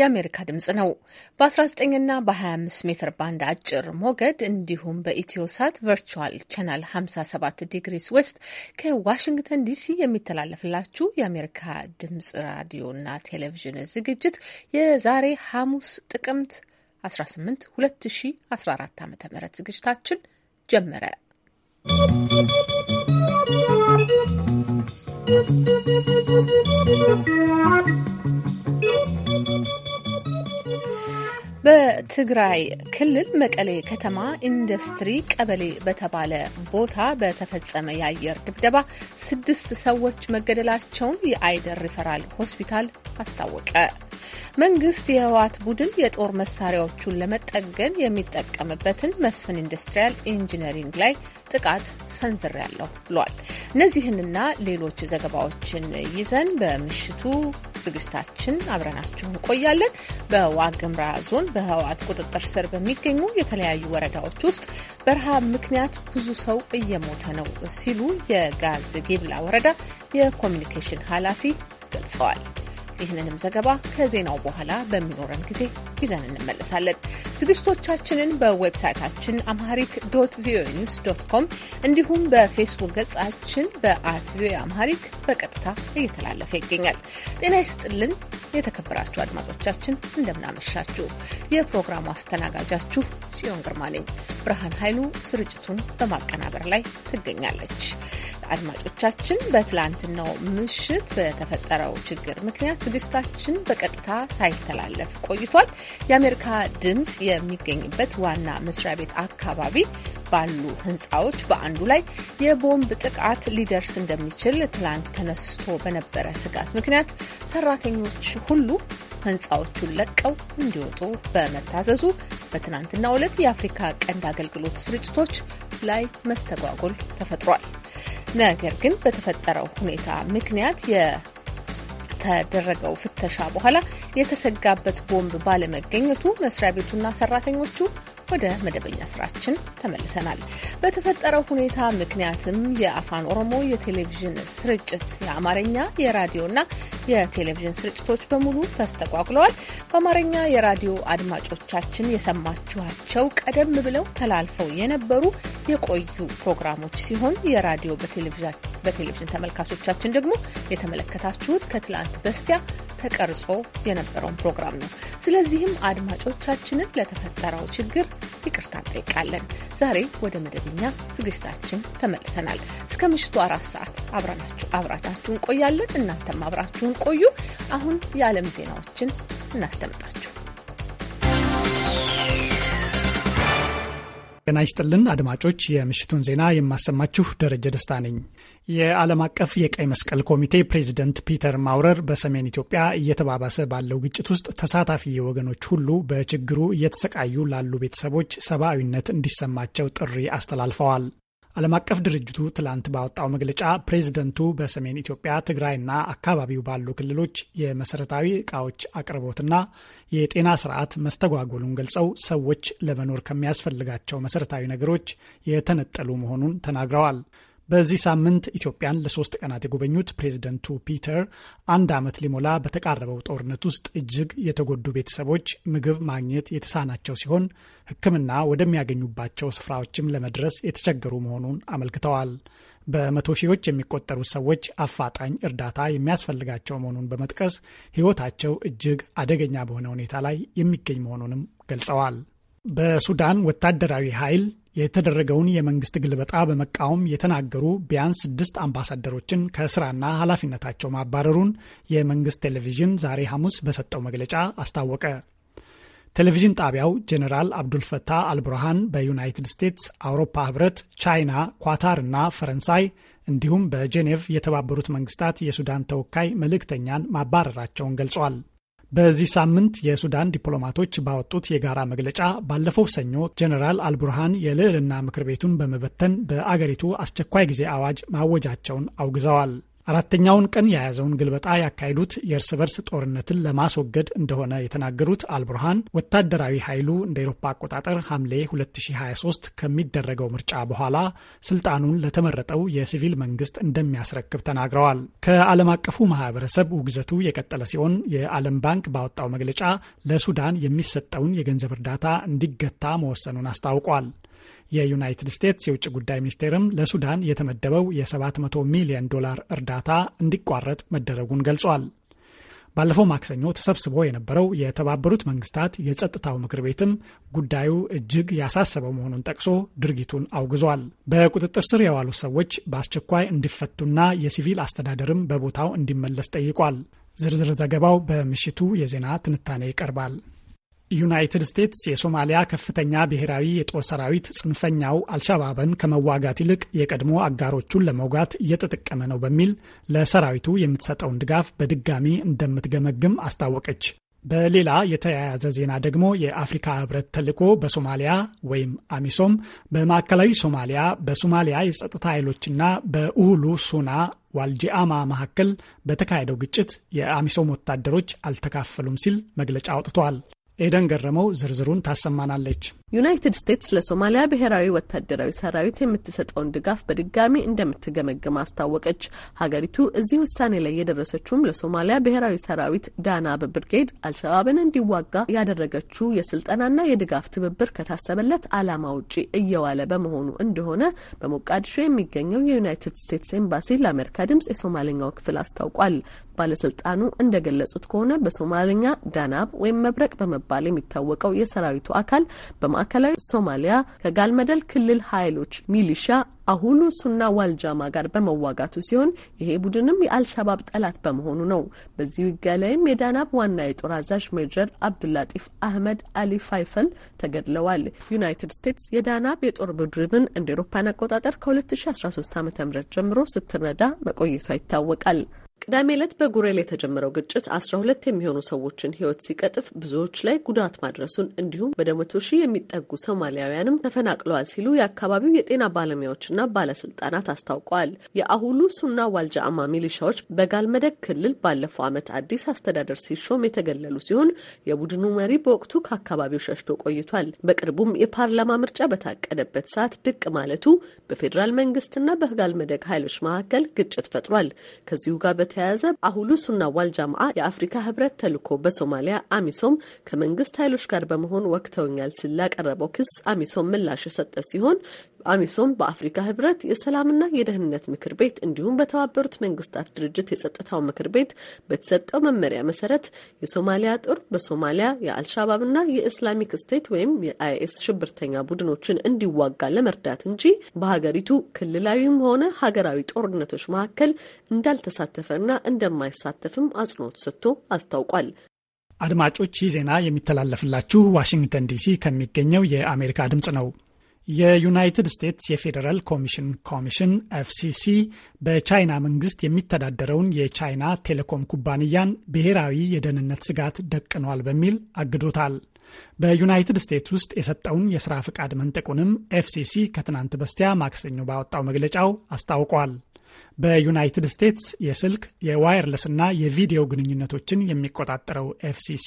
የአሜሪካ ድምጽ ነው። በ19ና በ25 ሜትር ባንድ አጭር ሞገድ እንዲሁም ሳት ቨርቹዋል ቻናል 57 ዲግሪስ ዌስት ከዋሽንግተን ዲሲ የሚተላለፍላችሁ የአሜሪካ ድምጽ ራዲዮና ቴሌቪዥን ዝግጅት የዛሬ ሐሙስ ጥቅምት 18 2014 ዓ ም ዝግጅታችን ጀመረ። ¶¶ በትግራይ ክልል መቀሌ ከተማ ኢንዱስትሪ ቀበሌ በተባለ ቦታ በተፈጸመ የአየር ድብደባ ስድስት ሰዎች መገደላቸውን የአይደር ሪፈራል ሆስፒታል አስታወቀ። መንግስት የህወሓት ቡድን የጦር መሳሪያዎቹን ለመጠገን የሚጠቀምበትን መስፍን ኢንዱስትሪያል ኢንጂነሪንግ ላይ ጥቃት ሰንዝሬያለሁ ብሏል። እነዚህንና ሌሎች ዘገባዎችን ይዘን በምሽቱ ዝግጅታችን አብረናችሁ እንቆያለን። በዋግምራ ዞን በህወሓት ቁጥጥር ስር በሚገኙ የተለያዩ ወረዳዎች ውስጥ በረሃብ ምክንያት ብዙ ሰው እየሞተ ነው ሲሉ የጋዝ ጌብላ ወረዳ የኮሚኒኬሽን ኃላፊ ገልጸዋል። ይህንንም ዘገባ ከዜናው በኋላ በሚኖረን ጊዜ ይዘን እንመለሳለን። ዝግጅቶቻችንን በዌብሳይታችን አምሃሪክ ዶት ቪኦኤ ኒውስ ዶት ኮም እንዲሁም በፌስቡክ ገጻችን በአት ቪኦኤ አምሃሪክ በቀጥታ እየተላለፈ ይገኛል። ጤና ይስጥልን የተከበራችሁ አድማጮቻችን፣ እንደምናመሻችሁ። የፕሮግራሙ አስተናጋጃችሁ ጽዮን ግርማ ነኝ። ብርሃን ኃይሉ ስርጭቱን በማቀናበር ላይ ትገኛለች። አድማጮቻችን በትላንትናው ምሽት በተፈጠረው ችግር ምክንያት ዝግጅታችን በቀጥታ ሳይተላለፍ ቆይቷል። የአሜሪካ ድምፅ የሚገኝበት ዋና መስሪያ ቤት አካባቢ ባሉ ህንፃዎች በአንዱ ላይ የቦምብ ጥቃት ሊደርስ እንደሚችል ትላንት ተነስቶ በነበረ ስጋት ምክንያት ሰራተኞች ሁሉ ህንፃዎቹን ለቀው እንዲወጡ በመታዘዙ በትናንትናው ዕለት የአፍሪካ ቀንድ አገልግሎት ስርጭቶች ላይ መስተጓጎል ተፈጥሯል። ነገር ግን በተፈጠረው ሁኔታ ምክንያት የተደረገው ፍተሻ በኋላ የተሰጋበት ቦምብ ባለመገኘቱ መስሪያ ቤቱና ሰራተኞቹ ወደ መደበኛ ስራችን ተመልሰናል። በተፈጠረው ሁኔታ ምክንያትም የአፋን ኦሮሞ የቴሌቪዥን ስርጭት የአማርኛ የራዲዮና የቴሌቪዥን ስርጭቶች በሙሉ ተስተጓጉለዋል። በአማርኛ የራዲዮ አድማጮቻችን የሰማችኋቸው ቀደም ብለው ተላልፈው የነበሩ የቆዩ ፕሮግራሞች ሲሆን የራዲዮ በቴሌቪዥን ተመልካቾቻችን ደግሞ የተመለከታችሁት ከትላንት በስቲያ ተቀርጾ የነበረውን ፕሮግራም ነው። ስለዚህም አድማጮቻችንን ለተፈጠረው ችግር ይቅርታ እንጠይቃለን። ዛሬ ወደ መደበኛ ዝግጅታችን ተመልሰናል። እስከ ምሽቱ አራት ሰዓት አብራታችሁ እንቆያለን። እናንተም አብራችሁን ቆዩ። አሁን የዓለም ዜናዎችን እናስደምጣችሁ። ጤና ይስጥልን አድማጮች፣ የምሽቱን ዜና የማሰማችሁ ደረጀ ደስታ ነኝ። የዓለም አቀፍ የቀይ መስቀል ኮሚቴ ፕሬዚደንት ፒተር ማውረር በሰሜን ኢትዮጵያ እየተባባሰ ባለው ግጭት ውስጥ ተሳታፊ ወገኖች ሁሉ በችግሩ እየተሰቃዩ ላሉ ቤተሰቦች ሰብአዊነት እንዲሰማቸው ጥሪ አስተላልፈዋል። ዓለም አቀፍ ድርጅቱ ትላንት ባወጣው መግለጫ ፕሬዚደንቱ በሰሜን ኢትዮጵያ ትግራይና አካባቢው ባሉ ክልሎች የመሰረታዊ እቃዎች አቅርቦትና የጤና ስርዓት መስተጓጎሉን ገልጸው ሰዎች ለመኖር ከሚያስፈልጋቸው መሰረታዊ ነገሮች የተነጠሉ መሆኑን ተናግረዋል። በዚህ ሳምንት ኢትዮጵያን ለሶስት ቀናት የጎበኙት ፕሬዝደንቱ ፒተር አንድ ዓመት ሊሞላ በተቃረበው ጦርነት ውስጥ እጅግ የተጎዱ ቤተሰቦች ምግብ ማግኘት የተሳናቸው ሲሆን ሕክምና ወደሚያገኙባቸው ስፍራዎችም ለመድረስ የተቸገሩ መሆኑን አመልክተዋል። በመቶ ሺዎች የሚቆጠሩ ሰዎች አፋጣኝ እርዳታ የሚያስፈልጋቸው መሆኑን በመጥቀስ ሕይወታቸው እጅግ አደገኛ በሆነ ሁኔታ ላይ የሚገኝ መሆኑንም ገልጸዋል። በሱዳን ወታደራዊ ኃይል የተደረገውን የመንግስት ግልበጣ በመቃወም የተናገሩ ቢያንስ ስድስት አምባሳደሮችን ከስራና ኃላፊነታቸው ማባረሩን የመንግስት ቴሌቪዥን ዛሬ ሐሙስ በሰጠው መግለጫ አስታወቀ። ቴሌቪዥን ጣቢያው ጀኔራል አብዱልፈታህ አልቡርሃን በዩናይትድ ስቴትስ፣ አውሮፓ ህብረት፣ ቻይና፣ ኳታር እና ፈረንሳይ እንዲሁም በጄኔቭ የተባበሩት መንግስታት የሱዳን ተወካይ መልእክተኛን ማባረራቸውን ገልጿል። በዚህ ሳምንት የሱዳን ዲፕሎማቶች ባወጡት የጋራ መግለጫ ባለፈው ሰኞ ጀኔራል አልቡርሃን የልዕልና ምክር ቤቱን በመበተን በአገሪቱ አስቸኳይ ጊዜ አዋጅ ማወጃቸውን አውግዘዋል። አራተኛውን ቀን የያዘውን ግልበጣ ያካሄዱት የእርስ በርስ ጦርነትን ለማስወገድ እንደሆነ የተናገሩት አልቡርሃን ወታደራዊ ኃይሉ እንደ ኤሮፓ አቆጣጠር ሐምሌ 2023 ከሚደረገው ምርጫ በኋላ ስልጣኑን ለተመረጠው የሲቪል መንግስት እንደሚያስረክብ ተናግረዋል። ከዓለም አቀፉ ማህበረሰብ ውግዘቱ የቀጠለ ሲሆን የዓለም ባንክ ባወጣው መግለጫ ለሱዳን የሚሰጠውን የገንዘብ እርዳታ እንዲገታ መወሰኑን አስታውቋል። የዩናይትድ ስቴትስ የውጭ ጉዳይ ሚኒስቴርም ለሱዳን የተመደበው የ700 ሚሊዮን ዶላር እርዳታ እንዲቋረጥ መደረጉን ገልጿል። ባለፈው ማክሰኞ ተሰብስቦ የነበረው የተባበሩት መንግስታት የጸጥታው ምክር ቤትም ጉዳዩ እጅግ ያሳሰበው መሆኑን ጠቅሶ ድርጊቱን አውግዟል። በቁጥጥር ስር የዋሉት ሰዎች በአስቸኳይ እንዲፈቱና የሲቪል አስተዳደርም በቦታው እንዲመለስ ጠይቋል። ዝርዝር ዘገባው በምሽቱ የዜና ትንታኔ ይቀርባል። ዩናይትድ ስቴትስ የሶማሊያ ከፍተኛ ብሔራዊ የጦር ሰራዊት ጽንፈኛው አልሸባብን ከመዋጋት ይልቅ የቀድሞ አጋሮቹን ለመውጋት እየተጠቀመ ነው በሚል ለሰራዊቱ የምትሰጠውን ድጋፍ በድጋሚ እንደምትገመግም አስታወቀች። በሌላ የተያያዘ ዜና ደግሞ የአፍሪካ ህብረት ተልዕኮ በሶማሊያ ወይም አሚሶም በማዕከላዊ ሶማሊያ በሶማሊያ የጸጥታ ኃይሎችና በኡሁሉ ሱና ዋልጂአማ መካከል በተካሄደው ግጭት የአሚሶም ወታደሮች አልተካፈሉም ሲል መግለጫ አውጥተዋል። ኤደን ገረመው ዝርዝሩን ታሰማናለች። ዩናይትድ ስቴትስ ለሶማሊያ ብሔራዊ ወታደራዊ ሰራዊት የምትሰጠውን ድጋፍ በድጋሚ እንደምትገመግም አስታወቀች። ሀገሪቱ እዚህ ውሳኔ ላይ የደረሰችውም ለሶማሊያ ብሔራዊ ሰራዊት ዳናብ ብርጌድ አልሸባብን እንዲዋጋ ያደረገችው የስልጠናና የድጋፍ ትብብር ከታሰበለት ዓላማ ውጪ እየዋለ በመሆኑ እንደሆነ በሞቃዲሾ የሚገኘው የዩናይትድ ስቴትስ ኤምባሲ ለአሜሪካ ድምጽ የሶማሌኛው ክፍል አስታውቋል። ባለስልጣኑ እንደገለጹት ከሆነ በሶማሌኛ ዳናብ ወይም መብረቅ በመባል የሚታወቀው የሰራዊቱ አካል በማ ማዕከላዊ ሶማሊያ ከጋልመደል ክልል ኃይሎች ሚሊሻ አሁሉ ሱና ዋልጃማ ጋር በመዋጋቱ ሲሆን ይሄ ቡድንም የአልሸባብ ጠላት በመሆኑ ነው። በዚህ ውጊያ ላይም የዳናብ ዋና የጦር አዛዥ ሜጀር አብዱላጢፍ አህመድ አሊ ፋይፈል ተገድለዋል። ዩናይትድ ስቴትስ የዳናብ የጦር ቡድንን እንደ ኤሮፓን አቆጣጠር ከ2013 ዓ ም ጀምሮ ስትረዳ መቆየቷ ይታወቃል። ቅዳሜ ዕለት በጉሬል የተጀመረው ግጭት አስራ ሁለት የሚሆኑ ሰዎችን ሕይወት ሲቀጥፍ ብዙዎች ላይ ጉዳት ማድረሱን እንዲሁም ወደ መቶ ሺህ የሚጠጉ ሶማሊያውያንም ተፈናቅለዋል ሲሉ የአካባቢው የጤና ባለሙያዎችና ባለስልጣናት አስታውቀዋል። የአሁሉ ሱና ዋልጃአማ ሚሊሻዎች በጋልመደግ ክልል ባለፈው ዓመት አዲስ አስተዳደር ሲሾም የተገለሉ ሲሆን የቡድኑ መሪ በወቅቱ ከአካባቢው ሸሽቶ ቆይቷል። በቅርቡም የፓርላማ ምርጫ በታቀደበት ሰዓት ብቅ ማለቱ በፌዴራል መንግስትና በጋልመደግ ኃይሎች መካከል ግጭት ፈጥሯል። ከዚሁ ጋር በተያያዘ ዋል ጃምአ የአፍሪካ ህብረት ተልዕኮ በሶማሊያ አሚሶም ከመንግስት ኃይሎች ጋር በመሆን ወቅተውኛል ሲል ላቀረበው ክስ አሚሶም ምላሽ የሰጠ ሲሆን አሚሶም በአፍሪካ ህብረት የሰላምና የደህንነት ምክር ቤት እንዲሁም በተባበሩት መንግስታት ድርጅት የጸጥታው ምክር ቤት በተሰጠው መመሪያ መሰረት የሶማሊያ ጦር በሶማሊያ የአልሻባብና የኢስላሚክ ስቴት ወይም የአይኤስ ሽብርተኛ ቡድኖችን እንዲዋጋ ለመርዳት እንጂ በሀገሪቱ ክልላዊም ሆነ ሀገራዊ ጦርነቶች መካከል እንዳልተሳተፈና እንደማይሳተፍም አጽንኦት ሰጥቶ አስታውቋል። አድማጮች ይህ ዜና የሚተላለፍላችሁ ዋሽንግተን ዲሲ ከሚገኘው የአሜሪካ ድምጽ ነው። የዩናይትድ ስቴትስ የፌዴራል ኮሚሽን ኮሚሽን ኤፍሲሲ በቻይና መንግስት የሚተዳደረውን የቻይና ቴሌኮም ኩባንያን ብሔራዊ የደህንነት ስጋት ደቅኗል በሚል አግዶታል። በዩናይትድ ስቴትስ ውስጥ የሰጠውን የሥራ ፍቃድ መንጠቁንም ኤፍሲሲ ከትናንት በስቲያ ማክሰኞ ባወጣው መግለጫው አስታውቋል። በዩናይትድ ስቴትስ የስልክ የዋየርለስና የቪዲዮ ግንኙነቶችን የሚቆጣጠረው ኤፍሲሲ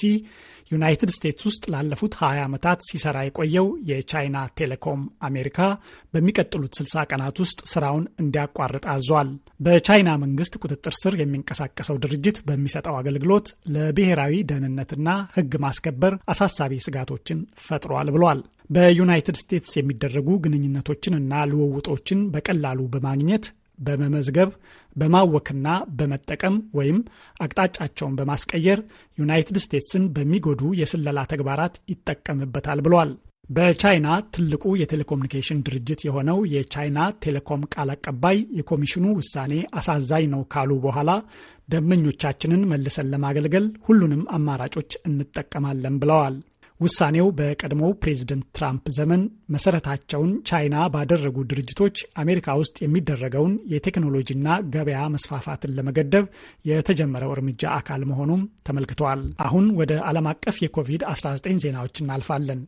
ዩናይትድ ስቴትስ ውስጥ ላለፉት 20 ዓመታት ሲሰራ የቆየው የቻይና ቴሌኮም አሜሪካ በሚቀጥሉት 60 ቀናት ውስጥ ስራውን እንዲያቋርጥ አዟል። በቻይና መንግስት ቁጥጥር ስር የሚንቀሳቀሰው ድርጅት በሚሰጠው አገልግሎት ለብሔራዊ ደህንነትና ሕግ ማስከበር አሳሳቢ ስጋቶችን ፈጥሯል ብሏል። በዩናይትድ ስቴትስ የሚደረጉ ግንኙነቶችን እና ልውውጦችን በቀላሉ በማግኘት በመመዝገብ በማወክና በመጠቀም ወይም አቅጣጫቸውን በማስቀየር ዩናይትድ ስቴትስን በሚጎዱ የስለላ ተግባራት ይጠቀምበታል ብሏል። በቻይና ትልቁ የቴሌኮሙኒኬሽን ድርጅት የሆነው የቻይና ቴሌኮም ቃል አቀባይ የኮሚሽኑ ውሳኔ አሳዛኝ ነው ካሉ በኋላ ደንበኞቻችንን መልሰን ለማገልገል ሁሉንም አማራጮች እንጠቀማለን ብለዋል። ውሳኔው በቀድሞው ፕሬዝደንት ትራምፕ ዘመን መሰረታቸውን ቻይና ባደረጉ ድርጅቶች አሜሪካ ውስጥ የሚደረገውን የቴክኖሎጂና ገበያ መስፋፋትን ለመገደብ የተጀመረው እርምጃ አካል መሆኑም ተመልክተዋል። አሁን ወደ ዓለም አቀፍ የኮቪድ-19 ዜናዎች እናልፋለን።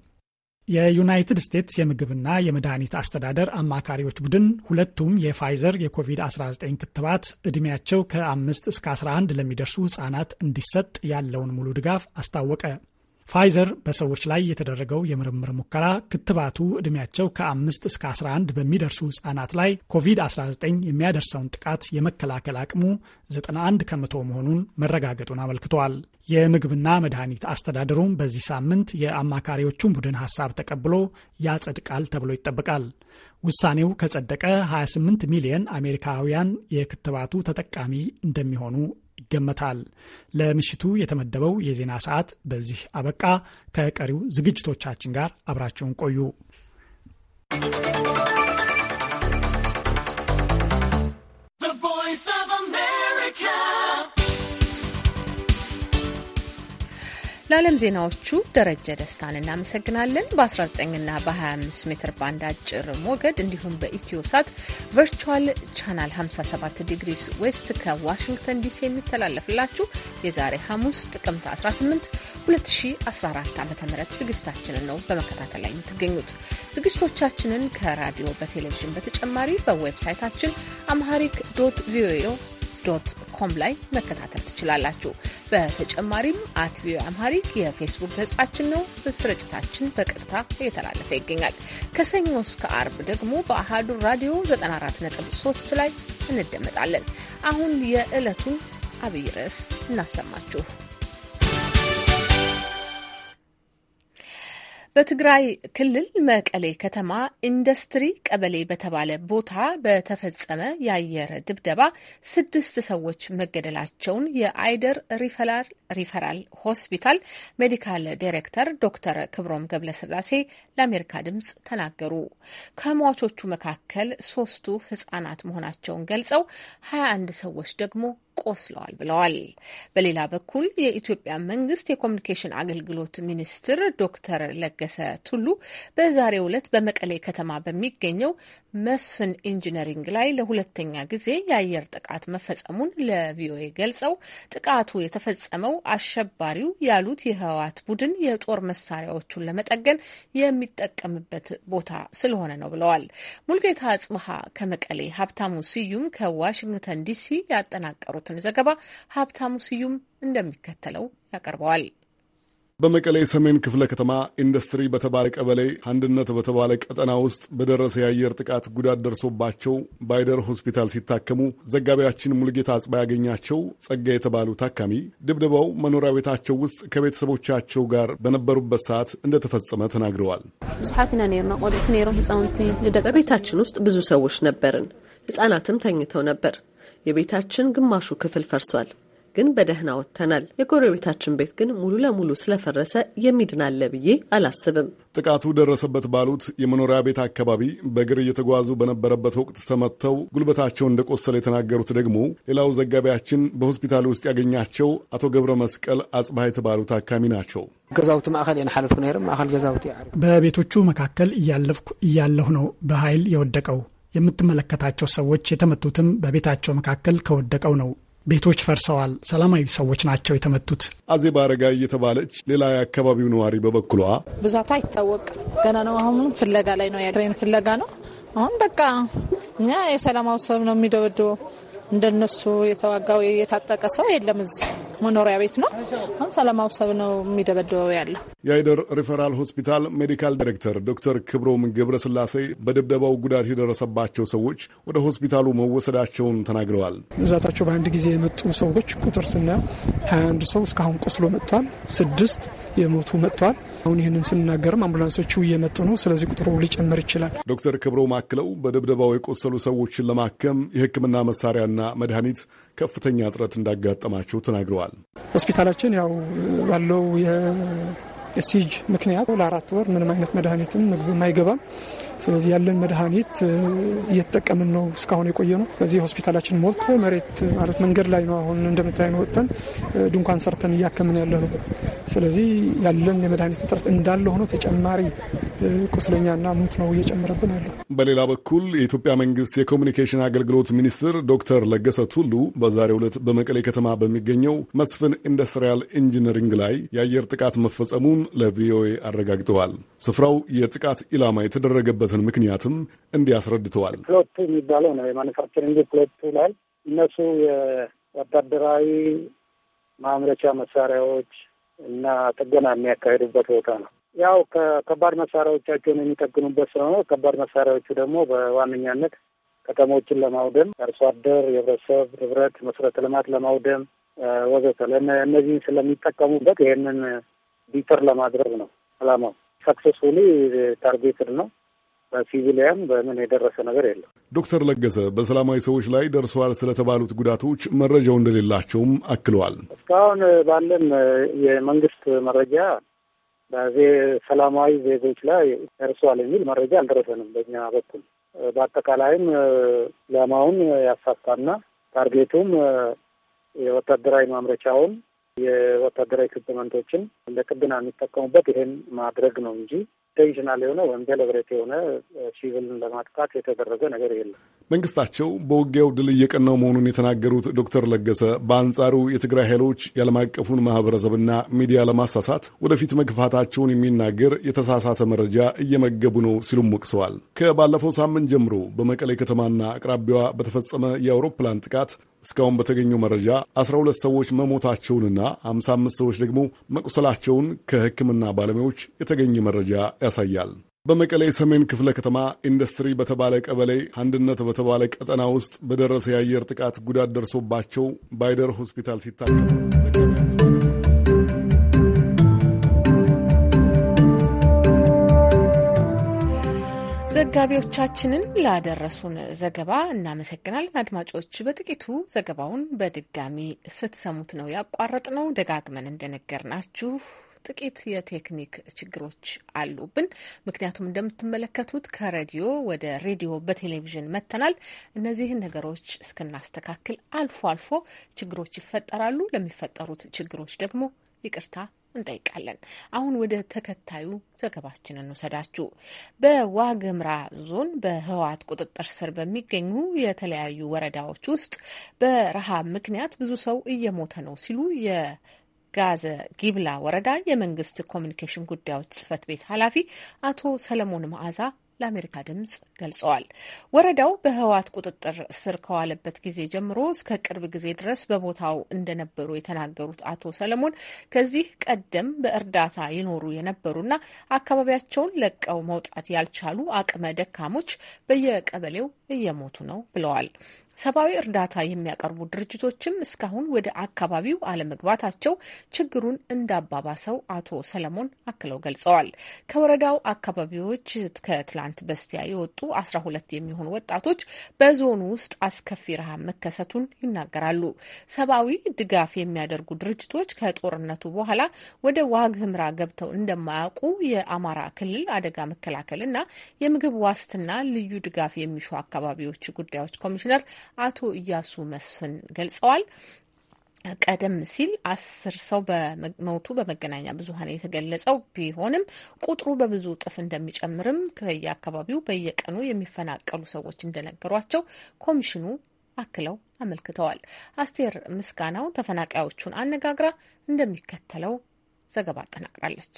የዩናይትድ ስቴትስ የምግብና የመድኃኒት አስተዳደር አማካሪዎች ቡድን ሁለቱም የፋይዘር የኮቪድ-19 ክትባት ዕድሜያቸው ከ5 እስከ 11 ለሚደርሱ ሕፃናት እንዲሰጥ ያለውን ሙሉ ድጋፍ አስታወቀ። ፋይዘር በሰዎች ላይ የተደረገው የምርምር ሙከራ ክትባቱ ዕድሜያቸው ከአምስት እስከ 11 በሚደርሱ ህጻናት ላይ ኮቪድ-19 የሚያደርሰውን ጥቃት የመከላከል አቅሙ 91 ከመቶ መሆኑን መረጋገጡን አመልክቷል። የምግብና መድኃኒት አስተዳደሩም በዚህ ሳምንት የአማካሪዎቹን ቡድን ሀሳብ ተቀብሎ ያጸድቃል ተብሎ ይጠበቃል። ውሳኔው ከጸደቀ 28 ሚሊዮን አሜሪካውያን የክትባቱ ተጠቃሚ እንደሚሆኑ ይገመታል። ለምሽቱ የተመደበው የዜና ሰዓት በዚህ አበቃ። ከቀሪው ዝግጅቶቻችን ጋር አብራችሁን ቆዩ። ለዓለም ዜናዎቹ ደረጀ ደስታን እናመሰግናለን። በ19ና በ25 ሜትር ባንድ አጭር ሞገድ እንዲሁም በኢትዮ ሳት ቨርቹዋል ቻናል 57 ዲግሪስ ዌስት ከዋሽንግተን ዲሲ የሚተላለፍላችሁ የዛሬ ሐሙስ ጥቅምት 18 2014 ዓ ም ዝግጅታችንን ነው በመከታተል ላይ የምትገኙት። ዝግጅቶቻችንን ከራዲዮ በቴሌቪዥን በተጨማሪ በዌብሳይታችን አምሃሪክ ዶት ቪኦኤ ዶት ኮም ላይ መከታተል ትችላላችሁ። በተጨማሪም አት ቪኦኤ አምሃሪክ የፌስቡክ ገጻችን ነው። ስርጭታችን በቀጥታ እየተላለፈ ይገኛል። ከሰኞ እስከ አርብ ደግሞ በአሃዱ ራዲዮ 94.3 ላይ እንደመጣለን። አሁን የዕለቱን አብይ ርዕስ እናሰማችሁ። በትግራይ ክልል መቀሌ ከተማ ኢንዱስትሪ ቀበሌ በተባለ ቦታ በተፈጸመ የአየር ድብደባ ስድስት ሰዎች መገደላቸውን የአይደር ሪፈራል ሆስፒታል ሜዲካል ዲሬክተር ዶክተር ክብሮም ገብለስላሴ ለአሜሪካ ድምጽ ተናገሩ። ከሟቾቹ መካከል ሶስቱ ህጻናት መሆናቸውን ገልጸው ሀያ አንድ ሰዎች ደግሞ ቆስለዋል ብለዋል። በሌላ በኩል የኢትዮጵያ መንግስት የኮሚኒኬሽን አገልግሎት ሚኒስትር ዶክተር ለገሰ ቱሉ በዛሬው ዕለት በመቀሌ ከተማ በሚገኘው መስፍን ኢንጂነሪንግ ላይ ለሁለተኛ ጊዜ የአየር ጥቃት መፈጸሙን ለቪኦኤ ገልጸው ጥቃቱ የተፈጸመው አሸባሪው ያሉት የህወሓት ቡድን የጦር መሳሪያዎቹን ለመጠገን የሚጠቀምበት ቦታ ስለሆነ ነው ብለዋል። ሙልጌታ ጽብሃ ከመቀሌ ሀብታሙ ስዩም ከዋሽንግተን ዲሲ ያጠናቀሩት ያቀረቡትን ዘገባ ሀብታሙ ስዩም እንደሚከተለው ያቀርበዋል። በመቀሌ ሰሜን ክፍለ ከተማ ኢንዱስትሪ በተባለ ቀበሌ አንድነት በተባለ ቀጠና ውስጥ በደረሰ የአየር ጥቃት ጉዳት ደርሶባቸው ባይደር ሆስፒታል ሲታከሙ ዘጋቢያችን ሙልጌታ አጽባ ያገኛቸው ጸጋ የተባሉ ታካሚ ድብደባው መኖሪያ ቤታቸው ውስጥ ከቤተሰቦቻቸው ጋር በነበሩበት ሰዓት እንደተፈጸመ ተናግረዋል። ብዙሓትና ነርና ቆልዑት ነሮም ህፃውንቲ በቤታችን ውስጥ ብዙ ሰዎች ነበርን። ህጻናትም ተኝተው ነበር። የቤታችን ግማሹ ክፍል ፈርሷል፣ ግን በደህና ወጥተናል። የጎረቤታችን ቤት ግን ሙሉ ለሙሉ ስለፈረሰ የሚድናለ ብዬ አላስብም። ጥቃቱ ደረሰበት ባሉት የመኖሪያ ቤት አካባቢ በእግር እየተጓዙ በነበረበት ወቅት ተመትተው ጉልበታቸው እንደቆሰለ የተናገሩት ደግሞ ሌላው ዘጋቢያችን በሆስፒታል ውስጥ ያገኛቸው አቶ ገብረ መስቀል አጽባ የተባሉት ታካሚ ናቸው። ገዛውቲ ማእከል እየ ሓለፍኩ ነይርም ገዛውቲ በቤቶቹ መካከል እያለፍኩ እያለሁ ነው በኃይል የወደቀው የምትመለከታቸው ሰዎች የተመቱትም በቤታቸው መካከል ከወደቀው ነው። ቤቶች ፈርሰዋል። ሰላማዊ ሰዎች ናቸው የተመቱት። አዜብ አረጋይ እየተባለች ሌላ የአካባቢው ነዋሪ በበኩሏ ብዛቱ አይታወቅም፣ ገና ነው። አሁን ፍለጋ ላይ ነው፣ ያድሬን ፍለጋ ነው። አሁን በቃ እኛ የሰላማዊ ሰብ ነው የሚደበድበው እንደነሱ የተዋጋው የታጠቀ ሰው የለም። እዚህ መኖሪያ ቤት ነው። አሁን ሰላማዊ ሰብ ነው የሚደበድበው ያለው። የአይደር ሪፈራል ሆስፒታል ሜዲካል ዳይሬክተር ዶክተር ክብሮም ገብረስላሴ በድብደባው ጉዳት የደረሰባቸው ሰዎች ወደ ሆስፒታሉ መወሰዳቸውን ተናግረዋል። ብዛታቸው በአንድ ጊዜ የመጡ ሰዎች ቁጥር ስናየው 21 አንድ ሰው እስካሁን ቆስሎ መጥቷል። ስድስት የሞቱ መጥቷል። አሁን ይህንን ስንናገርም አምቡላንሶቹ እየመጡ ነው። ስለዚህ ቁጥሩ ሊጨምር ይችላል። ዶክተር ክብረው ማክለው በደብደባው የቆሰሉ ሰዎችን ለማከም የሕክምና መሳሪያና መድኃኒት ከፍተኛ እጥረት እንዳጋጠማቸው ተናግረዋል። ሆስፒታላችን ያው ባለው የሲጅ ምክንያት ለአራት ወር ምንም አይነት መድኃኒትም ምግብም አይገባም። ስለዚህ ያለን መድኃኒት እየተጠቀምን ነው እስካሁን የቆየ ነው። በዚህ ሆስፒታላችን ሞልቶ መሬት ማለት መንገድ ላይ ነው አሁን እንደምታይ ነው ወጥተን ድንኳን ሰርተን እያከምን ያለ ነው። ስለዚህ ያለን የመድኃኒት እጥረት እንዳለ ሆኖ ተጨማሪ ቁስለኛና ሙት ነው እየጨመረብን ያለው። በሌላ በኩል የኢትዮጵያ መንግስት የኮሚኒኬሽን አገልግሎት ሚኒስትር ዶክተር ለገሰ ቱሉ በዛሬው ዕለት በመቀሌ ከተማ በሚገኘው መስፍን ኢንዱስትሪያል ኢንጂነሪንግ ላይ የአየር ጥቃት መፈጸሙን ለቪኦኤ አረጋግጠዋል። ስፍራው የጥቃት ኢላማ የተደረገበት የደረሰበትን ምክንያትም እንዲህ አስረድተዋል። ፕሎቱ የሚባለው ነው የማኒፋክቸሪንግ ፕሎቱ ላይ እነሱ የወታደራዊ ማምረቻ መሳሪያዎች እና ጥገና የሚያካሂዱበት ቦታ ነው። ያው ከባድ መሳሪያዎቻቸውን የሚጠግኑበት ስለሆነ ከባድ መሳሪያዎቹ ደግሞ በዋነኛነት ከተሞችን ለማውደም፣ አርሶ አደር የህብረተሰብ ንብረት መሰረተ ልማት ለማውደም ወዘተ እነዚህን ስለሚጠቀሙበት ይህንን ቢተር ለማድረግ ነው አላማው። ሰክሰስፉሊ ታርጌትድ ነው። ሲቪሊያን በምን የደረሰ ነገር የለም። ዶክተር ለገሰ በሰላማዊ ሰዎች ላይ ደርሰዋል ስለተባሉት ጉዳቶች መረጃው እንደሌላቸውም አክለዋል። እስካሁን ባለን የመንግስት መረጃ በሰላማዊ ዜጎች ላይ ደርሰዋል የሚል መረጃ አልደረሰንም በእኛ በኩል። በአጠቃላይም ለማውን ያሳፋና ታርጌቱም የወታደራዊ ማምረቻውን የወታደራዊ ክብመንቶችን እንደ ቅድና የሚጠቀሙበት ይሄን ማድረግ ነው እንጂ ኢንቴንሽናል የሆነ ወይም ቴሌብሬት የሆነ ሲቪልን ለማጥቃት የተደረገ ነገር የለም። መንግስታቸው በውጊያው ድል እየቀናው መሆኑን የተናገሩት ዶክተር ለገሰ በአንጻሩ የትግራይ ኃይሎች ያለም አቀፉን ማህበረሰብና ሚዲያ ለማሳሳት ወደፊት መግፋታቸውን የሚናገር የተሳሳተ መረጃ እየመገቡ ነው ሲሉም ወቅሰዋል። ከባለፈው ሳምንት ጀምሮ በመቀሌ ከተማና አቅራቢያዋ በተፈጸመ የአውሮፕላን ጥቃት እስካሁን በተገኘው መረጃ 12 ሰዎች መሞታቸውንና 55 ሰዎች ደግሞ መቁሰላቸውን ከሕክምና ባለሙያዎች የተገኘ መረጃ ያሳያል። በመቀሌ ሰሜን ክፍለ ከተማ ኢንዱስትሪ በተባለ ቀበሌ አንድነት በተባለ ቀጠና ውስጥ በደረሰ የአየር ጥቃት ጉዳት ደርሶባቸው ባይደር ሆስፒታል ሲታከሙ ዘጋቢዎቻችንን ላደረሱን ዘገባ እናመሰግናለን። አድማጮች በጥቂቱ ዘገባውን በድጋሚ ስትሰሙት ነው ያቋረጥ ነው። ደጋግመን እንደነገርናችሁ ጥቂት የቴክኒክ ችግሮች አሉብን። ምክንያቱም እንደምትመለከቱት ከሬዲዮ ወደ ሬዲዮ በቴሌቪዥን መተናል። እነዚህን ነገሮች እስክናስተካክል አልፎ አልፎ ችግሮች ይፈጠራሉ። ለሚፈጠሩት ችግሮች ደግሞ ይቅርታ እንጠይቃለን። አሁን ወደ ተከታዩ ዘገባችንን እንውሰዳችሁ። በዋግምራ ዞን በህወሓት ቁጥጥር ስር በሚገኙ የተለያዩ ወረዳዎች ውስጥ በረሃብ ምክንያት ብዙ ሰው እየሞተ ነው ሲሉ ጋዘ ጊብላ ወረዳ የመንግስት ኮሚኒኬሽን ጉዳዮች ጽህፈት ቤት ኃላፊ አቶ ሰለሞን መዓዛ ለአሜሪካ ድምጽ ገልጸዋል። ወረዳው በህወሓት ቁጥጥር ስር ከዋለበት ጊዜ ጀምሮ እስከ ቅርብ ጊዜ ድረስ በቦታው እንደነበሩ የተናገሩት አቶ ሰለሞን ከዚህ ቀደም በእርዳታ ይኖሩ የነበሩና አካባቢያቸውን ለቀው መውጣት ያልቻሉ አቅመ ደካሞች በየቀበሌው እየሞቱ ነው ብለዋል። ሰብአዊ እርዳታ የሚያቀርቡ ድርጅቶችም እስካሁን ወደ አካባቢው አለመግባታቸው ችግሩን እንዳባባሰው አቶ ሰለሞን አክለው ገልጸዋል። ከወረዳው አካባቢዎች ከትላንት በስቲያ የወጡ አስራ ሁለት የሚሆኑ ወጣቶች በዞኑ ውስጥ አስከፊ ረሃብ መከሰቱን ይናገራሉ። ሰብአዊ ድጋፍ የሚያደርጉ ድርጅቶች ከጦርነቱ በኋላ ወደ ዋግ ህምራ ገብተው እንደማያውቁ የአማራ ክልል አደጋ መከላከልና የምግብ ዋስትና ልዩ ድጋፍ የሚሹ አካባቢዎች ጉዳዮች ኮሚሽነር አቶ እያሱ መስፍን ገልጸዋል። ቀደም ሲል አስር ሰው በመሞቱ በመገናኛ ብዙኃን የተገለጸው ቢሆንም ቁጥሩ በብዙ እጥፍ እንደሚጨምርም ከየአካባቢው በየቀኑ የሚፈናቀሉ ሰዎች እንደነገሯቸው ኮሚሽኑ አክለው አመልክተዋል። አስቴር ምስጋናው ተፈናቃዮቹን አነጋግራ እንደሚከተለው ዘገባ አጠናቅራለች።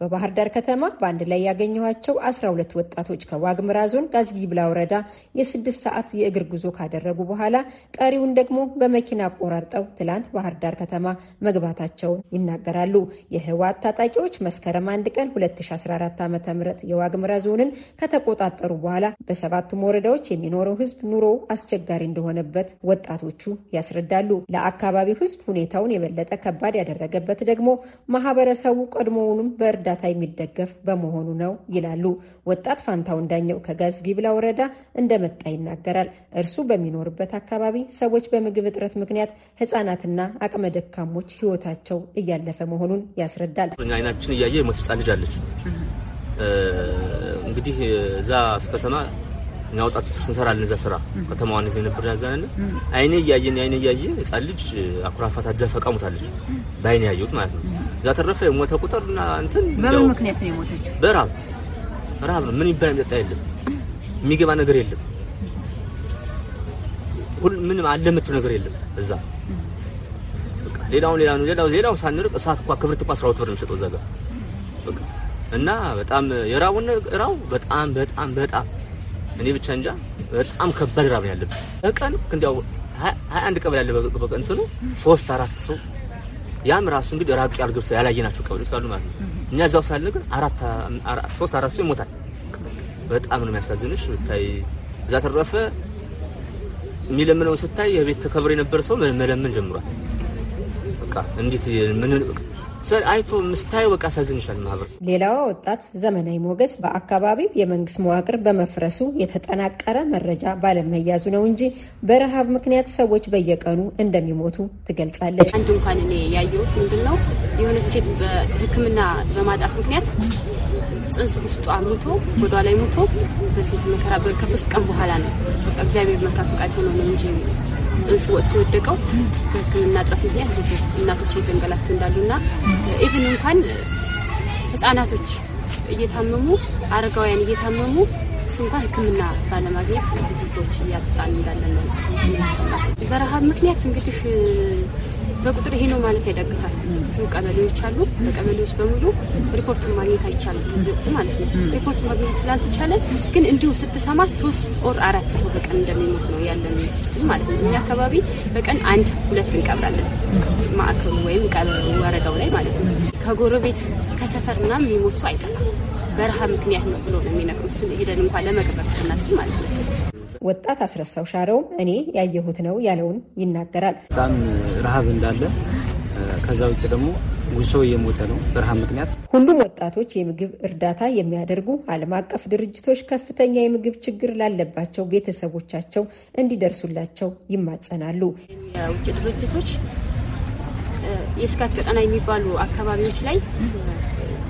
በባህር ዳር ከተማ በአንድ ላይ ያገኘኋቸው አስራ ሁለት ወጣቶች ከዋግምራ ዞን ጋዝጊብላ ወረዳ የስድስት ሰዓት የእግር ጉዞ ካደረጉ በኋላ ቀሪውን ደግሞ በመኪና አቆራርጠው ትላንት ባህር ዳር ከተማ መግባታቸውን ይናገራሉ። የህወሓት ታጣቂዎች መስከረም አንድ ቀን 2014 ዓ ም የዋግምራ ዞንን ከተቆጣጠሩ በኋላ በሰባቱም ወረዳዎች የሚኖረው ህዝብ ኑሮ አስቸጋሪ እንደሆነበት ወጣቶቹ ያስረዳሉ። ለአካባቢው ህዝብ ሁኔታውን የበለጠ ከባድ ያደረገበት ደግሞ ማህበረሰቡ ቀድሞውንም በእርዳ በእርዳታ የሚደገፍ በመሆኑ ነው ይላሉ። ወጣት ፋንታውን ዳኘው ከጋዝ ጊብላ ወረዳ እንደመጣ ይናገራል። እርሱ በሚኖርበት አካባቢ ሰዎች በምግብ እጥረት ምክንያት ህጻናትና አቅመ ደካሞች ህይወታቸው እያለፈ መሆኑን ያስረዳል። አይናችን እያየ መፍጻ ልጅ አለች። እንግዲህ እዛ አስከተማ እና እናውጣት ስንሰራለን እዛ ስራ ከተማዋን እዚህ ነበር ያዘነን አይኔ እያየን አይኔ እያየ ህጻን ልጅ አኩራፋት አደፈቃ ሞታለች። በአይኔ ያየሁት ማለት ነው። እዛ ተረፈ የሞተ ቁጥር እና እንትን በምን ምክንያት ነው የሞተችው? በራብ ረሀብ። ምን ይባል የሚጠጣ የለም፣ የሚገባ ነገር የለም፣ ሁሉ ምንም አለ የምትሉ ነገር የለም እዛ ሌላው ሌላ ነው ሌላው ሌላው ሳንርቅ እሳት እኮ ክብርት እኮ አስራ ሁለት ብር ነው የሚሸጠው እዛ ጋር እና በጣም የራቡን ራው በጣም በጣም በጣም እኔ ብቻ እንጃ በጣም ከባድ ራብ ነው ያለብን። በቀን እንዲያው ሀያ አንድ ቀበሌ ያለ በቀን እንትኑ ሶስት አራት ሰው ያም ራሱ እንግዲህ ራቅ ያልገብ ያላየናቸው ቀበሌ ስላሉ ማለት ነው። እኛ እዛው ሳለ ግን ሶስት አራት ሰው ይሞታል። በጣም ነው የሚያሳዝንሽ። ብታይ እዛ ተረፈ የሚለምነው ስታይ የቤት ተከብሮ የነበረ ሰው መለመን ጀምሯል። በቃ እንዴት ምን አይቶ ምስታይ በቃ ያሳዝንሻል ማህበረሰብ። ሌላዋ ወጣት ዘመናዊ ሞገስ በአካባቢው የመንግስት መዋቅር በመፍረሱ የተጠናቀረ መረጃ ባለመያዙ ነው እንጂ በረሃብ ምክንያት ሰዎች በየቀኑ እንደሚሞቱ ትገልጻለች። አንድ እንኳን እኔ ያየሁት ምንድን ነው የሆነች ሴት በሕክምና በማጣት ምክንያት ጽንስ ውስጧ ሙቶ ወዷ ላይ ሙቶ በሴት መከራ ከሶስት ቀን በኋላ ነው እግዚአብሔር መልካም ፈቃድ ሆኖ ነው እንጂ ጽንሱ ወጥቶ ወደቀው በሕክምና ጥረት ምክንያት ብዙ እናቶች እየተንገላቱ እንዳሉና ኢቭን እንኳን ህጻናቶች እየታመሙ አረጋውያን እየታመሙ እሱ እንኳን ህክምና ባለማግኘት ብዙ ሰዎች እያጣን እንዳለን ነው። በረሃብ ምክንያት እንግዲህ በቁጥር ይሄ ነው ማለት ያዳግታል። ብዙ ቀበሌዎች አሉ። በቀበሌዎች በሙሉ ሪፖርቱን ማግኘት አይቻልም በዚህ ወቅት ማለት ነው። ሪፖርት ማግኘት ስላልተቻለ ግን እንዲሁ ስትሰማ ሶስት ኦር አራት ሰው በቀን እንደሚሞት ነው ያለን ማለት ነው። እኛ አካባቢ በቀን አንድ ሁለት እንቀብራለን ማዕከሉ ወይም ወረዳው ላይ ማለት ነው። ከጎረቤት ከሰፈር ምናምን የሚሞት ሰው አይጠፋም። በረሃ ምክንያት ነው ብሎ ነው የሚነግሩት ሄደን እንኳን ለመቅበር ስናስብ ማለት ነው። ወጣት አስረሳው ሻረውም እኔ ያየሁት ነው ያለውን ይናገራል። በጣም ረሃብ እንዳለ ከዛ ውጭ ደግሞ ብዙ ሰው እየሞተ ነው በረሃብ ምክንያት። ሁሉም ወጣቶች የምግብ እርዳታ የሚያደርጉ ዓለም አቀፍ ድርጅቶች ከፍተኛ የምግብ ችግር ላለባቸው ቤተሰቦቻቸው እንዲደርሱላቸው ይማጸናሉ። የውጭ ድርጅቶች የስጋት ቀጠና የሚባሉ አካባቢዎች ላይ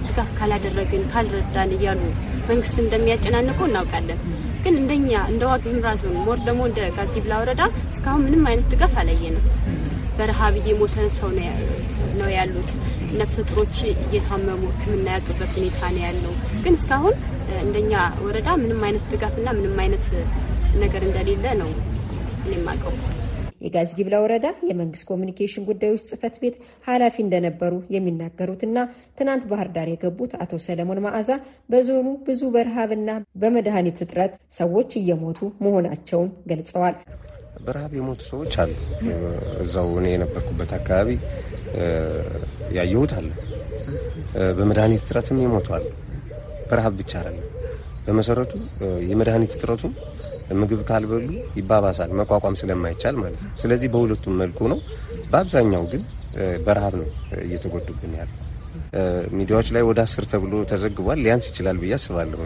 ድጋፍ ካላደረግን ካልረዳን እያሉ መንግስት እንደሚያጨናንቁ እናውቃለን። ግን እንደኛ እንደ ዋግ ዞን ሞር ደግሞ እንደ ጋዝጊብላ ወረዳ እስካሁን ምንም አይነት ድጋፍ አላየንም። በረሃብ እየሞተ ሰው ነው ያሉት። ነፍሰ ጡሮች እየታመሙ ሕክምና ያጡበት ሁኔታ ነው ያለው። ግን እስካሁን እንደኛ ወረዳ ምንም አይነት ድጋፍና ምንም አይነት ነገር እንደሌለ ነው እኔ የማውቀው። የጋዝጊብላ ወረዳ የመንግስት ኮሚኒኬሽን ጉዳዮች ጽህፈት ቤት ኃላፊ እንደነበሩ የሚናገሩትና ትናንት ባህር ዳር የገቡት አቶ ሰለሞን ማዕዛ በዞኑ ብዙ በረሃብና በመድኃኒት እጥረት ሰዎች እየሞቱ መሆናቸውን ገልጸዋል። በረሃብ የሞቱ ሰዎች አሉ። እዛው እኔ የነበርኩበት አካባቢ ያየሁት አለ። በመድኃኒት እጥረትም ይሞቱ አሉ። በረሃብ ብቻ አለ። በመሰረቱ የመድኃኒት እጥረቱ ምግብ ካልበሉ ይባባሳል፣ መቋቋም ስለማይቻል ማለት ነው። ስለዚህ በሁለቱም መልኩ ነው። በአብዛኛው ግን በረሃብ ነው እየተጎዱብን ያለ ሚዲያዎች ላይ ወደ አስር ተብሎ ተዘግቧል። ሊያንስ ይችላል ብዬ አስባለሁ።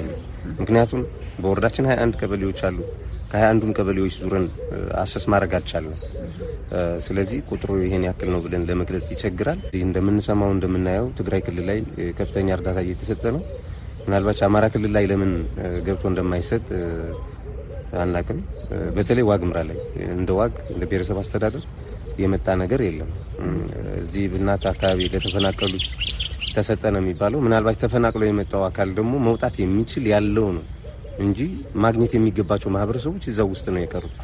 ምክንያቱም በወረዳችን ሀያ አንድ ቀበሌዎች አሉ። ከሀያ አንዱም ቀበሌዎች ዙረን አሰስ ማድረግ አልቻልንም። ስለዚህ ቁጥሩ ይሄን ያክል ነው ብለን ለመግለጽ ይቸግራል። ይህ እንደምንሰማው እንደምናየው ትግራይ ክልል ላይ ከፍተኛ እርዳታ እየተሰጠ ነው። ምናልባት አማራ ክልል ላይ ለምን ገብቶ እንደማይሰጥ አናቅም። በተለይ ዋግ ምራ ላይ እንደ ዋግ እንደ ብሔረሰብ አስተዳደር የመጣ ነገር የለም። እዚህ ብናት አካባቢ ለተፈናቀሉት ተሰጠ ነው የሚባለው። ምናልባት ተፈናቅሎ የመጣው አካል ደግሞ መውጣት የሚችል ያለው ነው እንጂ ማግኘት የሚገባቸው ማህበረሰቦች እዛው ውስጥ ነው የቀሩት።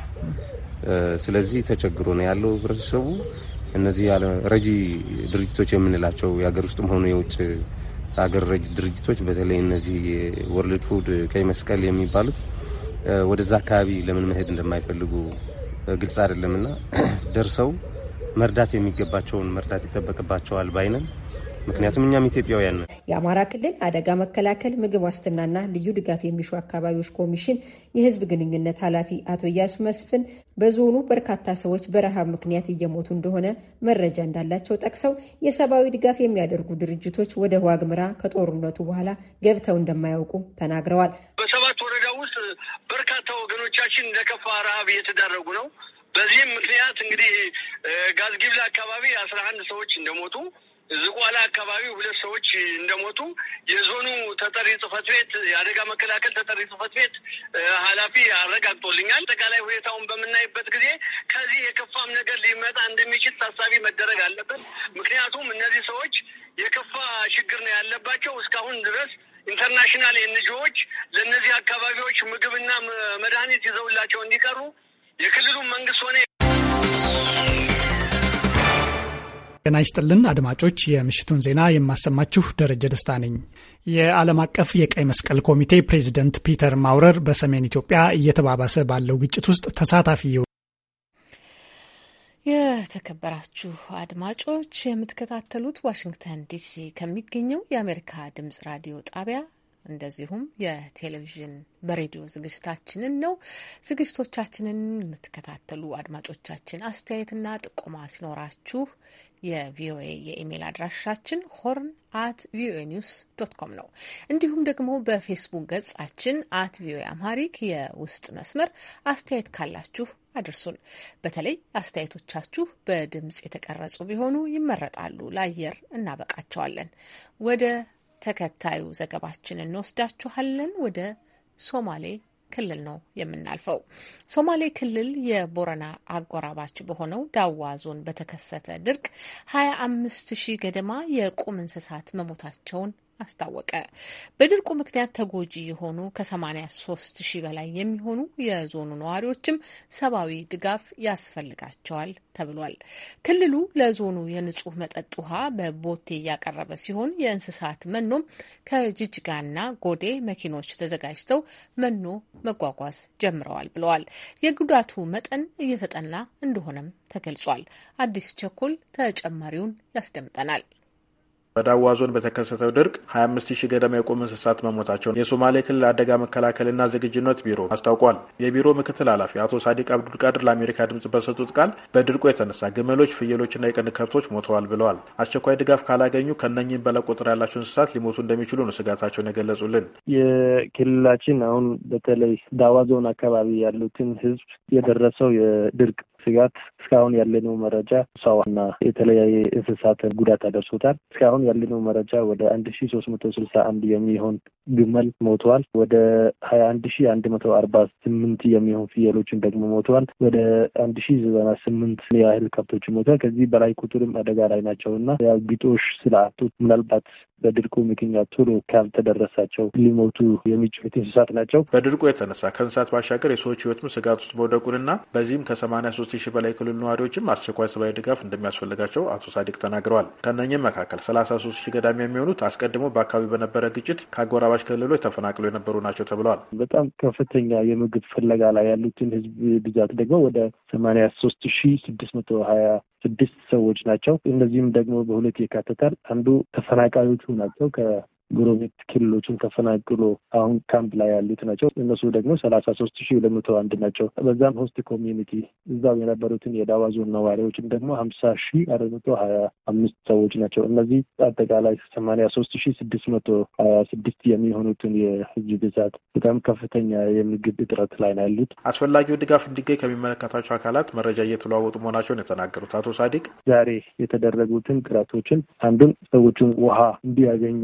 ስለዚህ ተቸግሮ ነው ያለው ህብረተሰቡ። እነዚህ ረጂ ድርጅቶች የምንላቸው የሀገር ውስጥም ሆኑ የውጭ ሀገር ረጂ ድርጅቶች በተለይ እነዚህ ወርልድ ፉድ ቀይ መስቀል የሚባሉት ወደዛ አካባቢ ለምን መሄድ እንደማይፈልጉ ግልጽ አይደለምና ደርሰው መርዳት የሚገባቸውን መርዳት ይጠበቅባቸዋል ባይነን ምክንያቱም እኛም ኢትዮጵያውያን ነን። የአማራ ክልል አደጋ መከላከል ምግብ ዋስትናና ልዩ ድጋፍ የሚሹ አካባቢዎች ኮሚሽን የህዝብ ግንኙነት ኃላፊ አቶ እያሱ መስፍን በዞኑ በርካታ ሰዎች በረሃብ ምክንያት እየሞቱ እንደሆነ መረጃ እንዳላቸው ጠቅሰው የሰብአዊ ድጋፍ የሚያደርጉ ድርጅቶች ወደ ዋግምራ ከጦርነቱ በኋላ ገብተው እንደማያውቁ ተናግረዋል። በሰባት በርካታ ወገኖቻችን ለከፋ ረሃብ እየተዳረጉ ነው። በዚህም ምክንያት እንግዲህ ጋዝጊብላ አካባቢ አስራ አንድ ሰዎች እንደሞቱ ዝቋላ አካባቢ ሁለት ሰዎች እንደሞቱ የዞኑ ተጠሪ ጽፈት ቤት የአደጋ መከላከል ተጠሪ ጽህፈት ቤት ኃላፊ አረጋግጦልኛል። አጠቃላይ ሁኔታውን በምናይበት ጊዜ ከዚህ የከፋም ነገር ሊመጣ እንደሚችል ታሳቢ መደረግ አለበት። ምክንያቱም እነዚህ ሰዎች የከፋ ችግር ነው ያለባቸው እስካሁን ድረስ ኢንተርናሽናል ኤንጂኦዎች ለእነዚህ አካባቢዎች ምግብና መድኃኒት ይዘውላቸው እንዲቀሩ የክልሉ መንግስት ሆነ ጤና ይስጥልን አድማጮች፣ የምሽቱን ዜና የማሰማችሁ ደረጀ ደስታ ነኝ። የዓለም አቀፍ የቀይ መስቀል ኮሚቴ ፕሬዚደንት ፒተር ማውረር በሰሜን ኢትዮጵያ እየተባባሰ ባለው ግጭት ውስጥ ተሳታፊ የተከበራችሁ አድማጮች የምትከታተሉት ዋሽንግተን ዲሲ ከሚገኘው የአሜሪካ ድምጽ ራዲዮ ጣቢያ እንደዚሁም የቴሌቪዥን በሬዲዮ ዝግጅታችንን ነው። ዝግጅቶቻችንን የምትከታተሉ አድማጮቻችን አስተያየትና ጥቆማ ሲኖራችሁ የቪኦኤ የኢሜይል አድራሻችን ሆርን አት ቪኦኤ ኒውስ ዶት ኮም ነው። እንዲሁም ደግሞ በፌስቡክ ገጻችን አት ቪኦኤ አማሪክ የውስጥ መስመር አስተያየት ካላችሁ አድርሱን። በተለይ አስተያየቶቻችሁ በድምጽ የተቀረጹ ቢሆኑ ይመረጣሉ፣ ለአየር እናበቃቸዋለን። ወደ ተከታዩ ዘገባችን እንወስዳችኋለን። ወደ ሶማሌ ክልል ነው የምናልፈው። ሶማሌ ክልል የቦረና አጎራባች በሆነው ዳዋ ዞን በተከሰተ ድርቅ ሀያ አምስት ሺህ ገደማ የቁም እንስሳት መሞታቸውን አስታወቀ። በድርቁ ምክንያት ተጎጂ የሆኑ ከ83 ሺህ በላይ የሚሆኑ የዞኑ ነዋሪዎችም ሰብአዊ ድጋፍ ያስፈልጋቸዋል ተብሏል። ክልሉ ለዞኑ የንጹህ መጠጥ ውሃ በቦቴ እያቀረበ ሲሆን የእንስሳት መኖም ከጅጅጋና ጎዴ መኪኖች ተዘጋጅተው መኖ መጓጓዝ ጀምረዋል ብለዋል። የጉዳቱ መጠን እየተጠና እንደሆነም ተገልጿል። አዲስ ቸኮል ተጨማሪውን ያስደምጠናል። በዳዋ ዞን በተከሰተው ድርቅ 25 ሺህ ገደማ የቁም እንስሳት መሞታቸውን የሶማሌ ክልል አደጋ መከላከልና ዝግጅነት ቢሮ አስታውቋል። የቢሮ ምክትል ኃላፊ አቶ ሳዲቅ አብዱልቃድር ለአሜሪካ ድምጽ በሰጡት ቃል በድርቁ የተነሳ ግመሎች፣ ፍየሎችና የቀንድ ከብቶች ሞተዋል ብለዋል። አስቸኳይ ድጋፍ ካላገኙ ከእነኚህም በላይ ቁጥር ያላቸው እንስሳት ሊሞቱ እንደሚችሉ ነው ስጋታቸውን የገለጹልን። የክልላችን አሁን በተለይ ዳዋ ዞን አካባቢ ያሉትን ህዝብ የደረሰው የድርቅ ስጋት እስካሁን ያለነው መረጃ ሰውና የተለያየ እንስሳትን ጉዳት አደርሶታል። እስካሁን ያለነው መረጃ ወደ አንድ ሺ ሶስት መቶ ስልሳ አንድ የሚሆን ግመል ሞተዋል። ወደ ሀያ አንድ ሺ አንድ መቶ አርባ ስምንት የሚሆን ፍየሎችን ደግሞ ሞተዋል። ወደ አንድ ሺ ዘጠና ስምንት ያህል ከብቶች ሞተዋል። ከዚህ በላይ ቁጥርም አደጋ ላይ ናቸው እና ያው ግጦሽ ስርአቱ ምናልባት በድርቁ ምክንያት ቶሎ ካልተደረሳቸው ሊሞቱ የሚችሉት እንስሳት ናቸው። በድርቁ የተነሳ ከእንስሳት ባሻገር የሰዎች ህይወትም ስጋት ውስጥ መውደቁንና በዚህም ከሰማኒያ ሶስት ሺህ በላይ ኪሎ የክልሉ ነዋሪዎችም አስቸኳይ ሰብአዊ ድጋፍ እንደሚያስፈልጋቸው አቶ ሳዲቅ ተናግረዋል። ከእነኚህም መካከል ሰላሳ ሺህ ገዳሚ የሚሆኑት አስቀድሞ በአካባቢው በነበረ ግጭት ከአጎራባች ክልሎች ተፈናቅለው የነበሩ ናቸው ተብለዋል። በጣም ከፍተኛ የምግብ ፍለጋ ላይ ያሉትን ህዝብ ብዛት ደግሞ ወደ ሰማንያ ሺህ ስድስት ስድስት ሰዎች ናቸው። እነዚህም ደግሞ በሁለት ይካተታል። አንዱ ተፈናቃዮቹ ናቸው ከ ጎረቤት ክልሎችን ተፈናቅሎ አሁን ካምፕ ላይ ያሉት ናቸው። እነሱ ደግሞ ሰላሳ ሶስት ሺ ሁለት መቶ አንድ ናቸው። በዛም ሆስት ኮሚዩኒቲ እዛው የነበሩትን የዳዋ ዞን ነዋሪዎችን ደግሞ ሀምሳ ሺ አራት መቶ ሀያ አምስት ሰዎች ናቸው። እነዚህ አጠቃላይ ሰማኒያ ሶስት ሺ ስድስት መቶ ሀያ ስድስት የሚሆኑትን የህዝብ ብዛት በጣም ከፍተኛ የምግብ እጥረት ላይ ነው ያሉት። አስፈላጊው ድጋፍ እንዲገኝ ከሚመለከታቸው አካላት መረጃ እየተለዋወጡ መሆናቸውን የተናገሩት አቶ ሳዲቅ ዛሬ የተደረጉትን ጥረቶችን አንዱን ሰዎቹን ውሃ እንዲያገኙ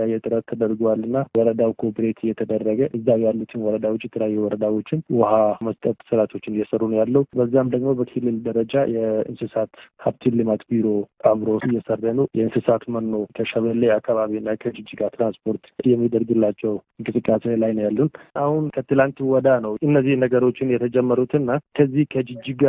የተለያየ ጥረት ተደርጓል እና ወረዳው ኮኦፕሬት እየተደረገ እዛ ያሉትን ወረዳዎች የተለያዩ ወረዳዎችን ውሃ መስጠት ስራቶችን እየሰሩ ነው ያለው። በዛም ደግሞ በክልል ደረጃ የእንስሳት ሀብትን ልማት ቢሮ አብሮ እየሰረ ነው። የእንስሳት መኖ ከሸበሌ አካባቢና ከጅጅጋ ትራንስፖርት የሚደርግላቸው እንቅስቃሴ ላይ ነው ያሉን። አሁን ከትላንት ወዳ ነው እነዚህ ነገሮችን የተጀመሩትና ከዚህ ከጅጅጋ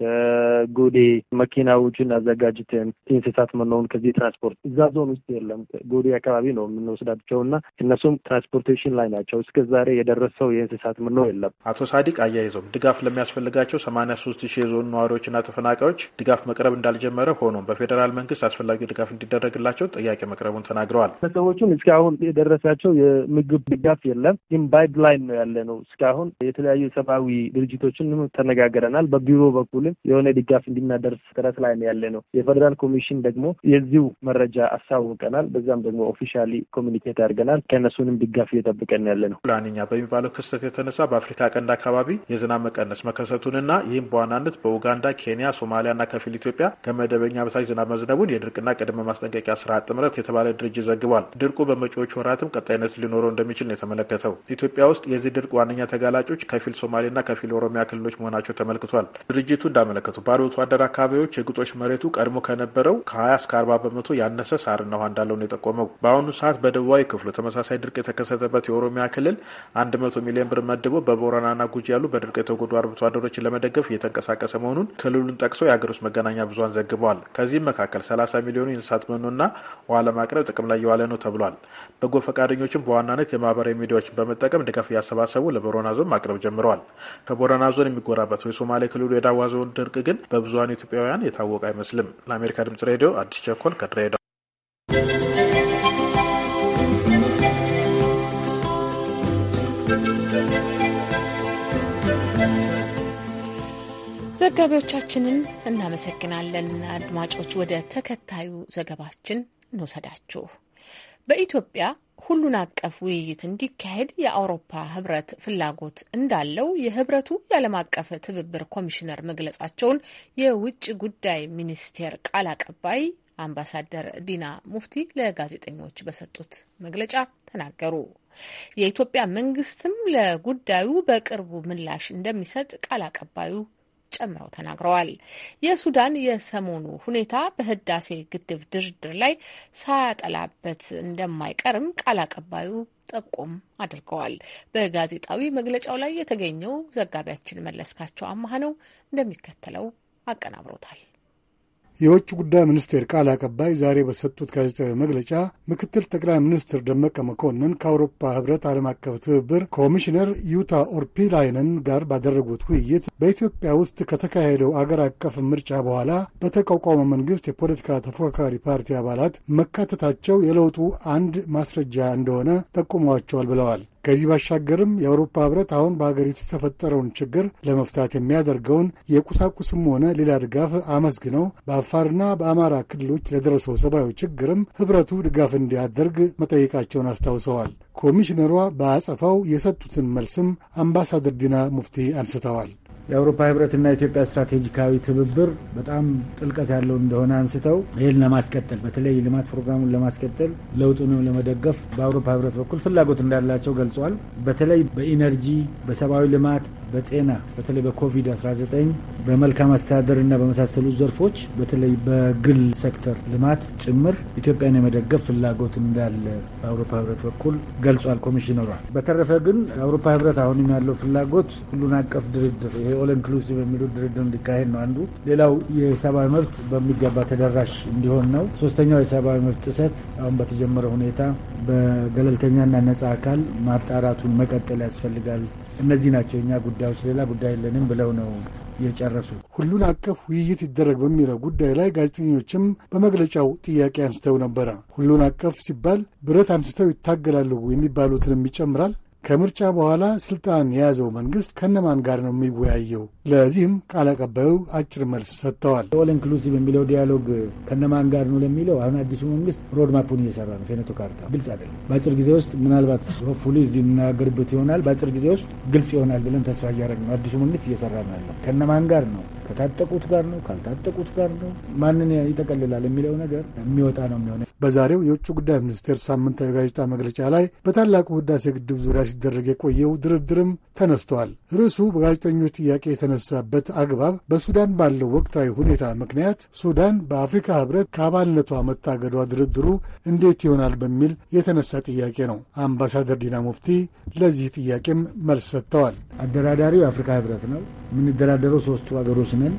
ከጎዴ መኪናዎችን አዘጋጅተን እንስሳት መኖውን ከዚህ ትራንስፖርት እዛ ዞን ውስጥ የለም። ጎዴ አካባቢ ነው የምንወስዳቸው እና እነሱም ትራንስፖርቴሽን ላይ ናቸው። እስከ ዛሬ የደረሰው የእንስሳት መኖ የለም። አቶ ሳዲቅ አያይዘውም ድጋፍ ለሚያስፈልጋቸው ሰማንያ ሶስት ሺህ የዞን ነዋሪዎችና ተፈናቃዮች ድጋፍ መቅረብ እንዳልጀመረ ሆኖም በፌዴራል መንግስት አስፈላጊ ድጋፍ እንዲደረግላቸው ጥያቄ መቅረቡን ተናግረዋል። ሰዎቹም እስካሁን የደረሳቸው የምግብ ድጋፍ የለም፣ ግን ፓይፕላይን ነው ያለ ነው። እስካሁን የተለያዩ ሰብአዊ ድርጅቶችን ተነጋግረናል። በቢሮ በኩል ክልል የሆነ ድጋፍ እንዲናደርስ ጥረት ላይ ያለ ነው። የፌዴራል ኮሚሽን ደግሞ የዚሁ መረጃ አሳውቀናል። በዛም ደግሞ ኦፊሻሊ ኮሚኒኬት አድርገናል። ከእነሱንም ድጋፍ እየጠብቀን ያለ ነው። ላኒኛ በሚባለው ክስተት የተነሳ በአፍሪካ ቀንድ አካባቢ የዝናብ መቀነስ መከሰቱንና ይህም በዋናነት በኡጋንዳ፣ ኬንያ፣ ሶማሊያና ከፊል ኢትዮጵያ ከመደበኛ በታች ዝናብ መዝነቡን የድርቅና ቅድመ ማስጠንቀቂያ ስርዓት ጥምረት የተባለ ድርጅት ዘግቧል። ድርቁ በመጪዎች ወራትም ቀጣይነት ሊኖረው እንደሚችል ነው የተመለከተው። ኢትዮጵያ ውስጥ የዚህ ድርቅ ዋነኛ ተጋላጮች ከፊል ሶማሌና ከፊል ኦሮሚያ ክልሎች መሆናቸው ተመልክቷል። ድርጅቱ እንዳመለከቱ በአርብቶ አደር አካባቢዎች የግጦሽ መሬቱ ቀድሞ ከነበረው ከ20 እስከ 40 በመቶ ያነሰ ሳርና ውሃ እንዳለው ነው የጠቆመው። በአሁኑ ሰዓት በደቡባዊ ክፍሉ ተመሳሳይ ድርቅ የተከሰተበት የኦሮሚያ ክልል 100 ሚሊዮን ብር መድቦ በቦረናና ጉጂ ያሉ በድርቅ የተጎዱ አርብቶ አደሮችን ለመደገፍ እየተንቀሳቀሰ መሆኑን ክልሉን ጠቅሶ የአገር ውስጥ መገናኛ ብዙን ዘግበዋል። ከዚህም መካከል 30 ሚሊዮኑ የእንስሳት መኖና ውሃ ለማቅረብ ጥቅም ላይ የዋለ ነው ተብሏል። በጎ ፈቃደኞችም በዋናነት የማህበራዊ ሚዲያዎችን በመጠቀም ድጋፍ እያሰባሰቡ ለቦረና ዞን ማቅረብ ጀምረዋል። ከቦረና ዞን የሚጎራበት የሶማሌ ክልሉ የዳዋ ዞን የያዘውን ድርቅ ግን በብዙሀን ኢትዮጵያውያን የታወቀ አይመስልም። ለአሜሪካ ድምጽ ሬዲዮ አዲስ ቸኮል ከድሬዳዋ። ዘጋቢዎቻችንን እናመሰግናለን። አድማጮች፣ ወደ ተከታዩ ዘገባችን እንወሰዳችሁ። በኢትዮጵያ ሁሉን አቀፍ ውይይት እንዲካሄድ የአውሮፓ ህብረት ፍላጎት እንዳለው የህብረቱ የዓለም አቀፍ ትብብር ኮሚሽነር መግለጻቸውን የውጭ ጉዳይ ሚኒስቴር ቃል አቀባይ አምባሳደር ዲና ሙፍቲ ለጋዜጠኞች በሰጡት መግለጫ ተናገሩ። የኢትዮጵያ መንግስትም ለጉዳዩ በቅርቡ ምላሽ እንደሚሰጥ ቃል አቀባዩ ጨምረው ተናግረዋል። የሱዳን የሰሞኑ ሁኔታ በህዳሴ ግድብ ድርድር ላይ ሳያጠላበት እንደማይቀርም ቃል አቀባዩ ጠቆም አድርገዋል። በጋዜጣዊ መግለጫው ላይ የተገኘው ዘጋቢያችን መለስካቸው አማህ ነው፣ እንደሚከተለው አቀናብሮታል። የውጭ ጉዳይ ሚኒስቴር ቃል አቀባይ ዛሬ በሰጡት ጋዜጣዊ መግለጫ ምክትል ጠቅላይ ሚኒስትር ደመቀ መኮንን ከአውሮፓ ህብረት ዓለም አቀፍ ትብብር ኮሚሽነር ዩታ ኦርፒላይነን ጋር ባደረጉት ውይይት በኢትዮጵያ ውስጥ ከተካሄደው አገር አቀፍ ምርጫ በኋላ በተቋቋመ መንግስት የፖለቲካ ተፎካካሪ ፓርቲ አባላት መካተታቸው የለውጡ አንድ ማስረጃ እንደሆነ ጠቁመዋቸዋል ብለዋል። ከዚህ ባሻገርም የአውሮፓ ህብረት አሁን በሀገሪቱ የተፈጠረውን ችግር ለመፍታት የሚያደርገውን የቁሳቁስም ሆነ ሌላ ድጋፍ አመስግነው በአፋርና በአማራ ክልሎች ለደረሰው ሰብአዊ ችግርም ህብረቱ ድጋፍ እንዲያደርግ መጠየቃቸውን አስታውሰዋል። ኮሚሽነሯ በአጸፋው የሰጡትን መልስም አምባሳደር ዲና ሙፍቲ አንስተዋል። የአውሮፓ ህብረትና የኢትዮጵያ ስትራቴጂካዊ ትብብር በጣም ጥልቀት ያለው እንደሆነ አንስተው ይህን ለማስቀጠል በተለይ ልማት ፕሮግራሙን ለማስቀጠል ለውጡንም ለመደገፍ በአውሮፓ ህብረት በኩል ፍላጎት እንዳላቸው ገልጿል። በተለይ በኢነርጂ፣ በሰብአዊ ልማት፣ በጤና በተለይ በኮቪድ-19 በመልካም አስተዳደርና በመሳሰሉ ዘርፎች በተለይ በግል ሴክተር ልማት ጭምር ኢትዮጵያን የመደገፍ ፍላጎት እንዳለ በአውሮፓ ህብረት በኩል ገልጿል ኮሚሽነሯ። በተረፈ ግን የአውሮፓ ህብረት አሁንም ያለው ፍላጎት ሁሉን አቀፍ ድርድር ኦል ኢንክሉሲቭ የሚሉት ድርድር እንዲካሄድ ነው አንዱ። ሌላው የሰብአዊ መብት በሚገባ ተደራሽ እንዲሆን ነው። ሶስተኛው የሰብአዊ መብት ጥሰት አሁን በተጀመረ ሁኔታ በገለልተኛና ነጻ አካል ማጣራቱን መቀጠል ያስፈልጋል። እነዚህ ናቸው እኛ ጉዳዮች፣ ሌላ ጉዳይ የለንም ብለው ነው የጨረሱ። ሁሉን አቀፍ ውይይት ይደረግ በሚለው ጉዳይ ላይ ጋዜጠኞችም በመግለጫው ጥያቄ አንስተው ነበረ። ሁሉን አቀፍ ሲባል ብረት አንስተው ይታገላሉ የሚባሉትንም ይጨምራል። ከምርጫ በኋላ ስልጣን የያዘው መንግስት ከነማን ጋር ነው የሚወያየው? ለዚህም ቃል አቀባዩ አጭር መልስ ሰጥተዋል። ኦል ኢንክሉሲቭ የሚለው ዲያሎግ ከነማን ጋር ነው ለሚለው አሁን አዲሱ መንግስት ሮድማፑን እየሰራ ነው። ፌኔቶ ካርታ ግልጽ አይደለም። በአጭር ጊዜ ውስጥ ምናልባት ሆፕፉሊ እዚህ እናገርበት ይሆናል። በአጭር ጊዜ ውስጥ ግልጽ ይሆናል ብለን ተስፋ እያደረግን ነው። አዲሱ መንግስት እየሰራ ነው ያለው ከነማን ጋር ነው ከታጠቁት ጋር ነው፣ ካልታጠቁት ጋር ነው፣ ማንን ይጠቀልላል የሚለው ነገር የሚወጣ ነው የሚሆነ። በዛሬው የውጭ ጉዳይ ሚኒስቴር ሳምንታዊ ጋዜጣ መግለጫ ላይ በታላቁ ህዳሴ ግድብ ዙሪያ ሲደረግ የቆየው ድርድርም ተነስቷል። ርዕሱ በጋዜጠኞች ጥያቄ የተነሳበት አግባብ በሱዳን ባለው ወቅታዊ ሁኔታ ምክንያት ሱዳን በአፍሪካ ህብረት ከአባልነቷ መታገዷ ድርድሩ እንዴት ይሆናል በሚል የተነሳ ጥያቄ ነው። አምባሳደር ዲና ሙፍቲ ለዚህ ጥያቄም መልስ ሰጥተዋል። አደራዳሪው የአፍሪካ ህብረት ነው። የምንደራደረው ሶስቱ ሀገሮች ነን።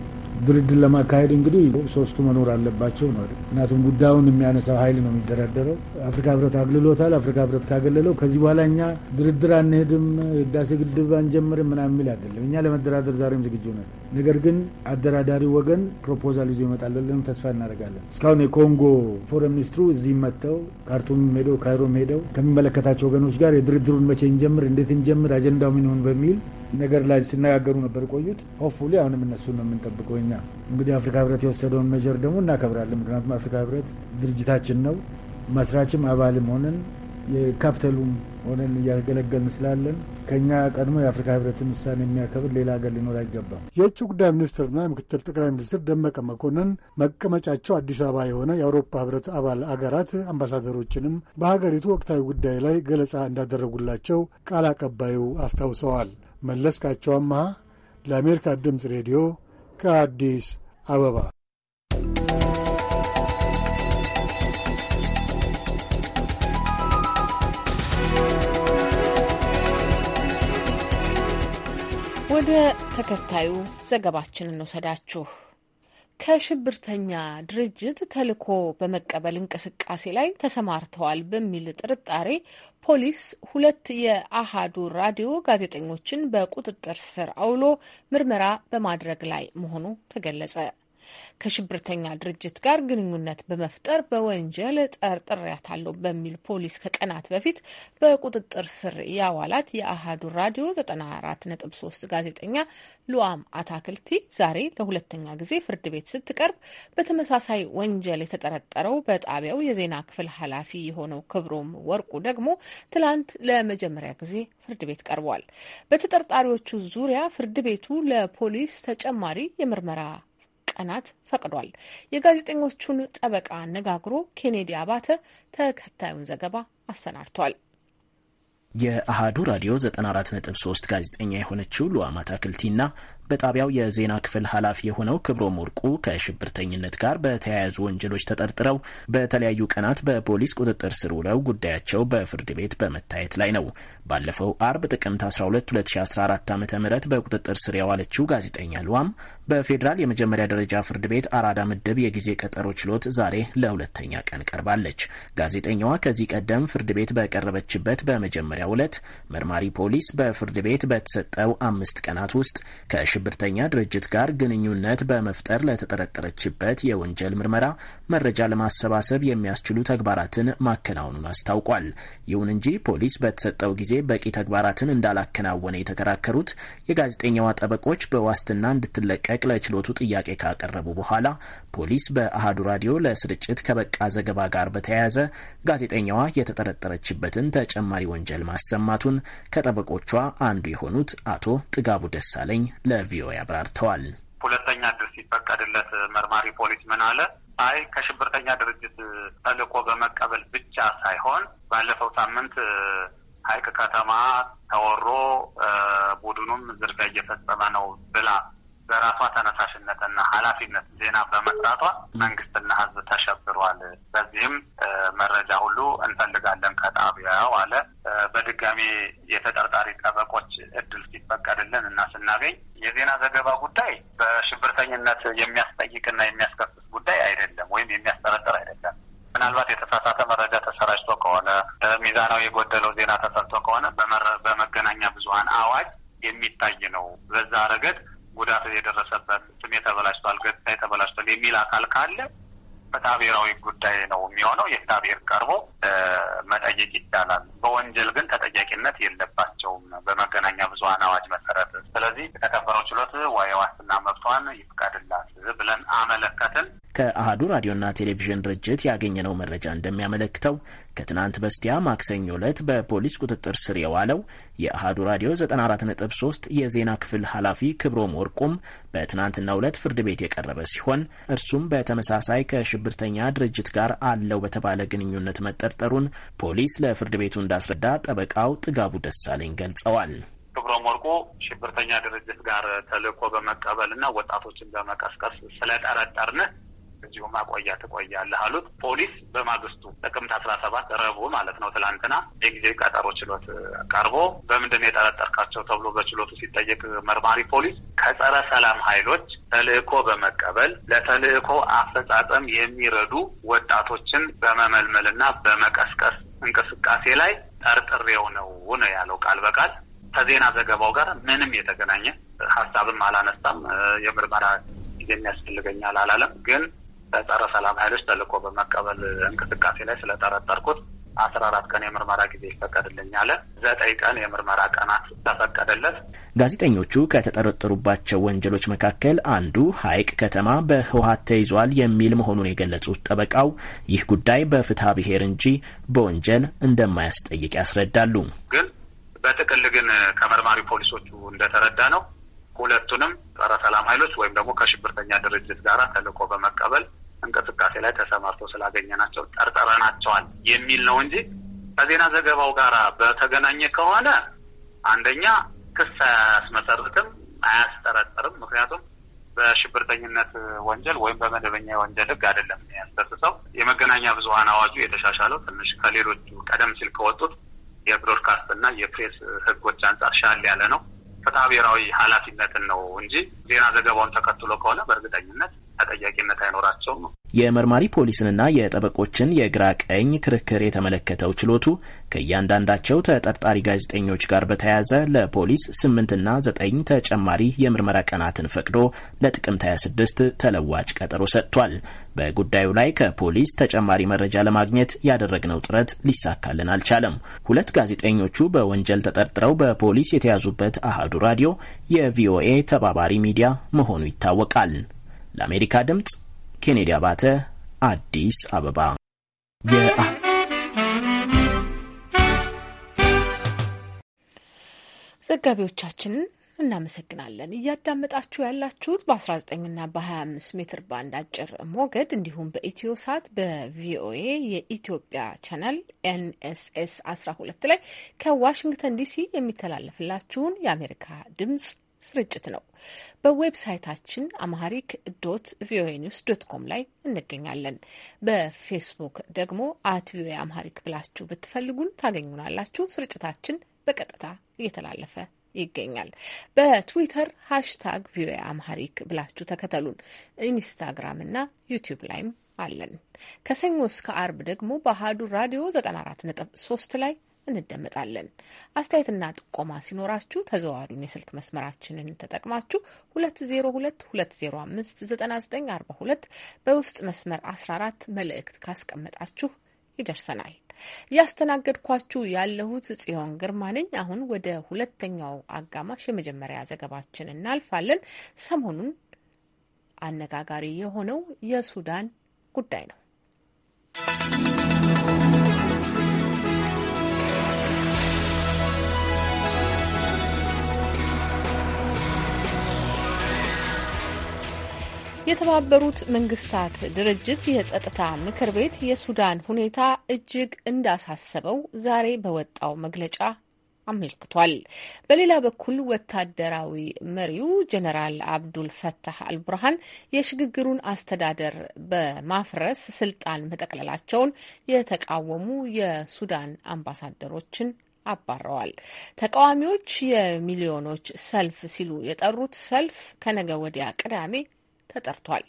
ድርድር ለማካሄድ እንግዲህ ሶስቱ መኖር አለባቸው ነው። ምክንያቱም ጉዳዩን የሚያነሳው ኃይል ነው የሚደራደረው። አፍሪካ ህብረት አግልሎታል። አፍሪካ ህብረት ካገለለው ከዚህ በኋላ እኛ ድርድር አንሄድም፣ ህዳሴ ግድብ አንጀምርም ምናምን የሚል አይደለም። እኛ ለመደራደር ዛሬም ዝግጁ ነን። ነገር ግን አደራዳሪ ወገን ፕሮፖዛል ይዞ ይመጣል ብለን ተስፋ እናደርጋለን። እስካሁን የኮንጎ ፎረን ሚኒስትሩ እዚህ መጥተው ካርቱም ሄደው ካይሮም ሄደው ከሚመለከታቸው ወገኖች ጋር የድርድሩን መቼ እንጀምር፣ እንዴት እንጀምር፣ አጀንዳው ምን ይሁን በሚል ነገር ላይ ሲነጋገሩ ነበር ቆዩት። ሆፕፉሊ አሁንም እነሱን ነው የምንጠብቀው እኛ። እንግዲህ አፍሪካ ህብረት የወሰደውን መጀር ደግሞ እናከብራለን። ምክንያቱም አፍሪካ ህብረት ድርጅታችን ነው። መስራችም አባልም ሆነን የካፕተሉም ሆነን እያገለገልን ስላለን ከኛ ቀድሞ የአፍሪካ ህብረትን ውሳኔ የሚያከብር ሌላ ሀገር ሊኖር አይገባም። የውጭ ጉዳይ ሚኒስትርና ምክትል ጠቅላይ ሚኒስትር ደመቀ መኮንን መቀመጫቸው አዲስ አበባ የሆነ የአውሮፓ ህብረት አባል አገራት አምባሳደሮችንም በሀገሪቱ ወቅታዊ ጉዳይ ላይ ገለጻ እንዳደረጉላቸው ቃል አቀባዩ አስታውሰዋል። መለስካቸው አመሃ ለአሜሪካ ድምፅ ሬዲዮ ከአዲስ አበባ። ወደ ተከታዩ ዘገባችን እንውሰዳችሁ። ከሽብርተኛ ድርጅት ተልዕኮ በመቀበል እንቅስቃሴ ላይ ተሰማርተዋል በሚል ጥርጣሬ ፖሊስ ሁለት የአሃዱ ራዲዮ ጋዜጠኞችን በቁጥጥር ስር አውሎ ምርመራ በማድረግ ላይ መሆኑ ተገለጸ። ከሽብርተኛ ድርጅት ጋር ግንኙነት በመፍጠር በወንጀል ጠርጥሬያታለሁ በሚል ፖሊስ ከቀናት በፊት በቁጥጥር ስር ያዋላት የአሃዱ ራዲዮ 94.3 ጋዜጠኛ ሉዋም አታክልቲ ዛሬ ለሁለተኛ ጊዜ ፍርድ ቤት ስትቀርብ በተመሳሳይ ወንጀል የተጠረጠረው በጣቢያው የዜና ክፍል ኃላፊ የሆነው ክብሮም ወርቁ ደግሞ ትላንት ለመጀመሪያ ጊዜ ፍርድ ቤት ቀርቧል። በተጠርጣሪዎቹ ዙሪያ ፍርድ ቤቱ ለፖሊስ ተጨማሪ የምርመራ ቀናት ፈቅዷል። የጋዜጠኞቹን ጠበቃ አነጋግሮ ኬኔዲ አባተ ተከታዩን ዘገባ አሰናድቷል። የአሃዱ ራዲዮ 94.3 ጋዜጠኛ የሆነችው ሉዋማታ ክልቲና በጣቢያው የዜና ክፍል ኃላፊ የሆነው ክብሮም ወርቁ ከሽብርተኝነት ጋር በተያያዙ ወንጀሎች ተጠርጥረው በተለያዩ ቀናት በፖሊስ ቁጥጥር ስር ውለው ጉዳያቸው በፍርድ ቤት በመታየት ላይ ነው። ባለፈው አርብ ጥቅምት 12 2014 ዓ ም በቁጥጥር ስር የዋለችው ጋዜጠኛ ልዋም በፌዴራል የመጀመሪያ ደረጃ ፍርድ ቤት አራዳ ምድብ የጊዜ ቀጠሮ ችሎት ዛሬ ለሁለተኛ ቀን ቀርባለች። ጋዜጠኛዋ ከዚህ ቀደም ፍርድ ቤት በቀረበችበት በመጀመሪያ በዛሬው ዕለት መርማሪ ፖሊስ በፍርድ ቤት በተሰጠው አምስት ቀናት ውስጥ ከሽብርተኛ ድርጅት ጋር ግንኙነት በመፍጠር ለተጠረጠረችበት የወንጀል ምርመራ መረጃ ለማሰባሰብ የሚያስችሉ ተግባራትን ማከናወኑን አስታውቋል። ይሁን እንጂ ፖሊስ በተሰጠው ጊዜ በቂ ተግባራትን እንዳላከናወነ የተከራከሩት የጋዜጠኛዋ ጠበቆች በዋስትና እንድትለቀቅ ለችሎቱ ጥያቄ ካቀረቡ በኋላ ፖሊስ በአሃዱ ራዲዮ ለስርጭት ከበቃ ዘገባ ጋር በተያያዘ ጋዜጠኛዋ የተጠረጠረችበትን ተጨማሪ ወንጀል ማሰማቱን ከጠበቆቿ አንዱ የሆኑት አቶ ጥጋቡ ደሳለኝ ለቪኦኤ አብራርተዋል። ሁለተኛ ድር ሲፈቀድለት መርማሪ ፖሊስ ምን አለ? አይ ከሽብርተኛ ድርጅት ተልዕኮ በመቀበል ብቻ ሳይሆን ባለፈው ሳምንት ሀይቅ ከተማ ተወሮ ቡድኑም ዝርጋ እየፈጸመ ነው ብላ በራሷ ተነሳሽነትና ኃላፊነት ዜና በመስራቷ መንግስትና ህዝብ ተሸብሯል። በዚህም መረጃ ሁሉ እንፈልጋለን ከጣቢያው አለ። በድጋሚ የተጠርጣሪ ጠበቆች እድል ሲፈቀድልን እና ስናገኝ የዜና ዘገባ ጉዳይ በሽብርተኝነት የሚያስጠይቅና የሚያስከፍት ጉዳይ አይደለም ወይም የሚያስጠረጥር አይደለም። ምናልባት የተሳሳተ መረጃ ተሰራጭቶ ከሆነ ሚዛናዊ የጎደለው ዜና ተሰርቶ ከሆነ በመገናኛ ብዙኃን አዋጅ የሚታይ ነው። በዛ ረገድ ጉዳት የደረሰበት ስም ተበላሽቷል፣ ገጽታ የተበላሽቷል የሚል አካል ካለ ፍትሐብሔራዊ ጉዳይ ነው የሚሆነው። የፍትሐብሔር ቀርቦ መጠየቅ ይቻላል። በወንጀል ግን ተጠያቂነት የለባቸውም በመገናኛ ብዙኃን አዋጅ መሰረት። ስለዚህ የተከበረው ችሎት ዋየዋስና መብቷን ይፍቀድላት ብለን አመለከትን። ከአህዱ ራዲዮና ቴሌቪዥን ድርጅት ያገኘነው መረጃ እንደሚያመለክተው ከትናንት በስቲያ ማክሰኞ ዕለት በፖሊስ ቁጥጥር ስር የዋለው የአህዱ ራዲዮ 94.3 የዜና ክፍል ኃላፊ ክብሮም ወርቁም በትናንትናው ዕለት ፍርድ ቤት የቀረበ ሲሆን እርሱም በተመሳሳይ ከሽብርተኛ ድርጅት ጋር አለው በተባለ ግንኙነት መጠርጠሩን ፖሊስ ለፍርድ ቤቱ እንዳስረዳ ጠበቃው ጥጋቡ ደሳለኝ ገልጸዋል። ክብሮም ወርቁ ሽብርተኛ ድርጅት ጋር ተልእኮ በመቀበል እና ወጣቶችን በመቀስቀስ ስለጠረጠርን እዚሁ ማቆያ ትቆያለህ አሉት። ፖሊስ በማግስቱ ጥቅምት አስራ ሰባት ረቡዕ ማለት ነው ትላንትና የጊዜ ቀጠሮ ችሎት ቀርቦ በምንድን የጠረጠርካቸው ተብሎ በችሎቱ ሲጠየቅ መርማሪ ፖሊስ ከጸረ ሰላም ኃይሎች ተልእኮ በመቀበል ለተልእኮ አፈጻጸም የሚረዱ ወጣቶችን በመመልመልና በመቀስቀስ እንቅስቃሴ ላይ ጠርጥሬው ነው ነው ያለው ቃል በቃል ከዜና ዘገባው ጋር ምንም የተገናኘ ሀሳብም አላነሳም። የምርመራ ጊዜም ያስፈልገኛል አላለም። ግን በጸረ ሰላም ኃይሎች ተልኮ በመቀበል እንቅስቃሴ ላይ ስለጠረጠርኩት አስራ አራት ቀን የምርመራ ጊዜ ይፈቀድልኝ አለ። ዘጠኝ ቀን የምርመራ ቀናት ተፈቀደለት። ጋዜጠኞቹ ከተጠረጠሩባቸው ወንጀሎች መካከል አንዱ ሀይቅ ከተማ በህወሀት ተይዟል የሚል መሆኑን የገለጹት ጠበቃው ይህ ጉዳይ በፍትሐ ብሔር እንጂ በወንጀል እንደማያስጠይቅ ያስረዳሉ። ግን በጥቅል ግን ከመርማሪ ፖሊሶቹ እንደተረዳ ነው ሁለቱንም ጸረ ሰላም ኃይሎች ወይም ደግሞ ከሽብርተኛ ድርጅት ጋር ተልቆ በመቀበል እንቅስቃሴ ላይ ተሰማርተው ስላገኘናቸው ናቸዋል የሚል ነው እንጂ ከዜና ዘገባው ጋር በተገናኘ ከሆነ አንደኛ ክስ አያስመሰርትም፣ አያስጠረጠርም ምክንያቱም በሽብርተኝነት ወንጀል ወይም በመደበኛ የወንጀል ህግ አይደለም ያስደስሰው የመገናኛ ብዙሀን አዋጁ የተሻሻለው ትንሽ ከሌሎቹ ቀደም ሲል ከወጡት የብሮድካስት እና የፕሬስ ህጎች አንጻር ሻል ያለ ነው። ፍትሐ ብሔራዊ ኃላፊነትን ነው እንጂ ዜና ዘገባውን ተከትሎ ከሆነ በእርግጠኝነት ተጠያቂነት አይኖራቸውም ነው። የመርማሪ ፖሊስንና የጠበቆችን የግራ ቀኝ ክርክር የተመለከተው ችሎቱ ከእያንዳንዳቸው ተጠርጣሪ ጋዜጠኞች ጋር በተያያዘ ለፖሊስ ስምንትና ዘጠኝ ተጨማሪ የምርመራ ቀናትን ፈቅዶ ለጥቅምት 26 ተለዋጭ ቀጠሮ ሰጥቷል። በጉዳዩ ላይ ከፖሊስ ተጨማሪ መረጃ ለማግኘት ያደረግነው ጥረት ሊሳካልን አልቻለም። ሁለት ጋዜጠኞቹ በወንጀል ተጠርጥረው በፖሊስ የተያዙበት አህዱ ራዲዮ የቪኦኤ ተባባሪ ሚዲያ መሆኑ ይታወቃል። ለአሜሪካ ድምፅ ኬኔዲ አባተ አዲስ አበባ። ዘጋቢዎቻችንን እናመሰግናለን። እያዳመጣችሁ ያላችሁት በ19ና በ25 ሜትር ባንድ አጭር ሞገድ እንዲሁም በኢትዮ ሳት በቪኦኤ የኢትዮጵያ ቻናል ኤንኤስኤስ 12 ላይ ከዋሽንግተን ዲሲ የሚተላለፍላችሁን የአሜሪካ ድምጽ ስርጭት ነው። በዌብሳይታችን አማሪክ ዶት ቪኦኤ ኒውስ ዶት ኮም ላይ እንገኛለን። በፌስቡክ ደግሞ አት ቪኦኤ አማሪክ ብላችሁ ብትፈልጉን ታገኙናላችሁ። ስርጭታችን በቀጥታ እየተላለፈ ይገኛል። በትዊተር ሃሽታግ ቪኦኤ አማሃሪክ ብላችሁ ተከተሉን። ኢንስታግራም እና ዩቲዩብ ላይም አለን። ከሰኞ እስከ አርብ ደግሞ በአሀዱ ራዲዮ 94.3 ላይ እንደመጣለን። አስተያየትና ጥቆማ ሲኖራችሁ ተዘዋዋሪውን የስልክ መስመራችንን ተጠቅማችሁ 2022059942 በውስጥ መስመር 14 መልእክት ካስቀመጣችሁ ይደርሰናል። እያስተናገድኳችሁ ያለሁት ጽዮን ግርማ ነኝ። አሁን ወደ ሁለተኛው አጋማሽ የመጀመሪያ ዘገባችን እናልፋለን። ሰሞኑን አነጋጋሪ የሆነው የሱዳን ጉዳይ ነው። የተባበሩት መንግስታት ድርጅት የጸጥታ ምክር ቤት የሱዳን ሁኔታ እጅግ እንዳሳሰበው ዛሬ በወጣው መግለጫ አመልክቷል። በሌላ በኩል ወታደራዊ መሪው ጀነራል አብዱል ፈታህ አልቡርሃን የሽግግሩን አስተዳደር በማፍረስ ስልጣን መጠቅለላቸውን የተቃወሙ የሱዳን አምባሳደሮችን አባረዋል። ተቃዋሚዎች የሚሊዮኖች ሰልፍ ሲሉ የጠሩት ሰልፍ ከነገ ወዲያ ቅዳሜ ተጠርቷል።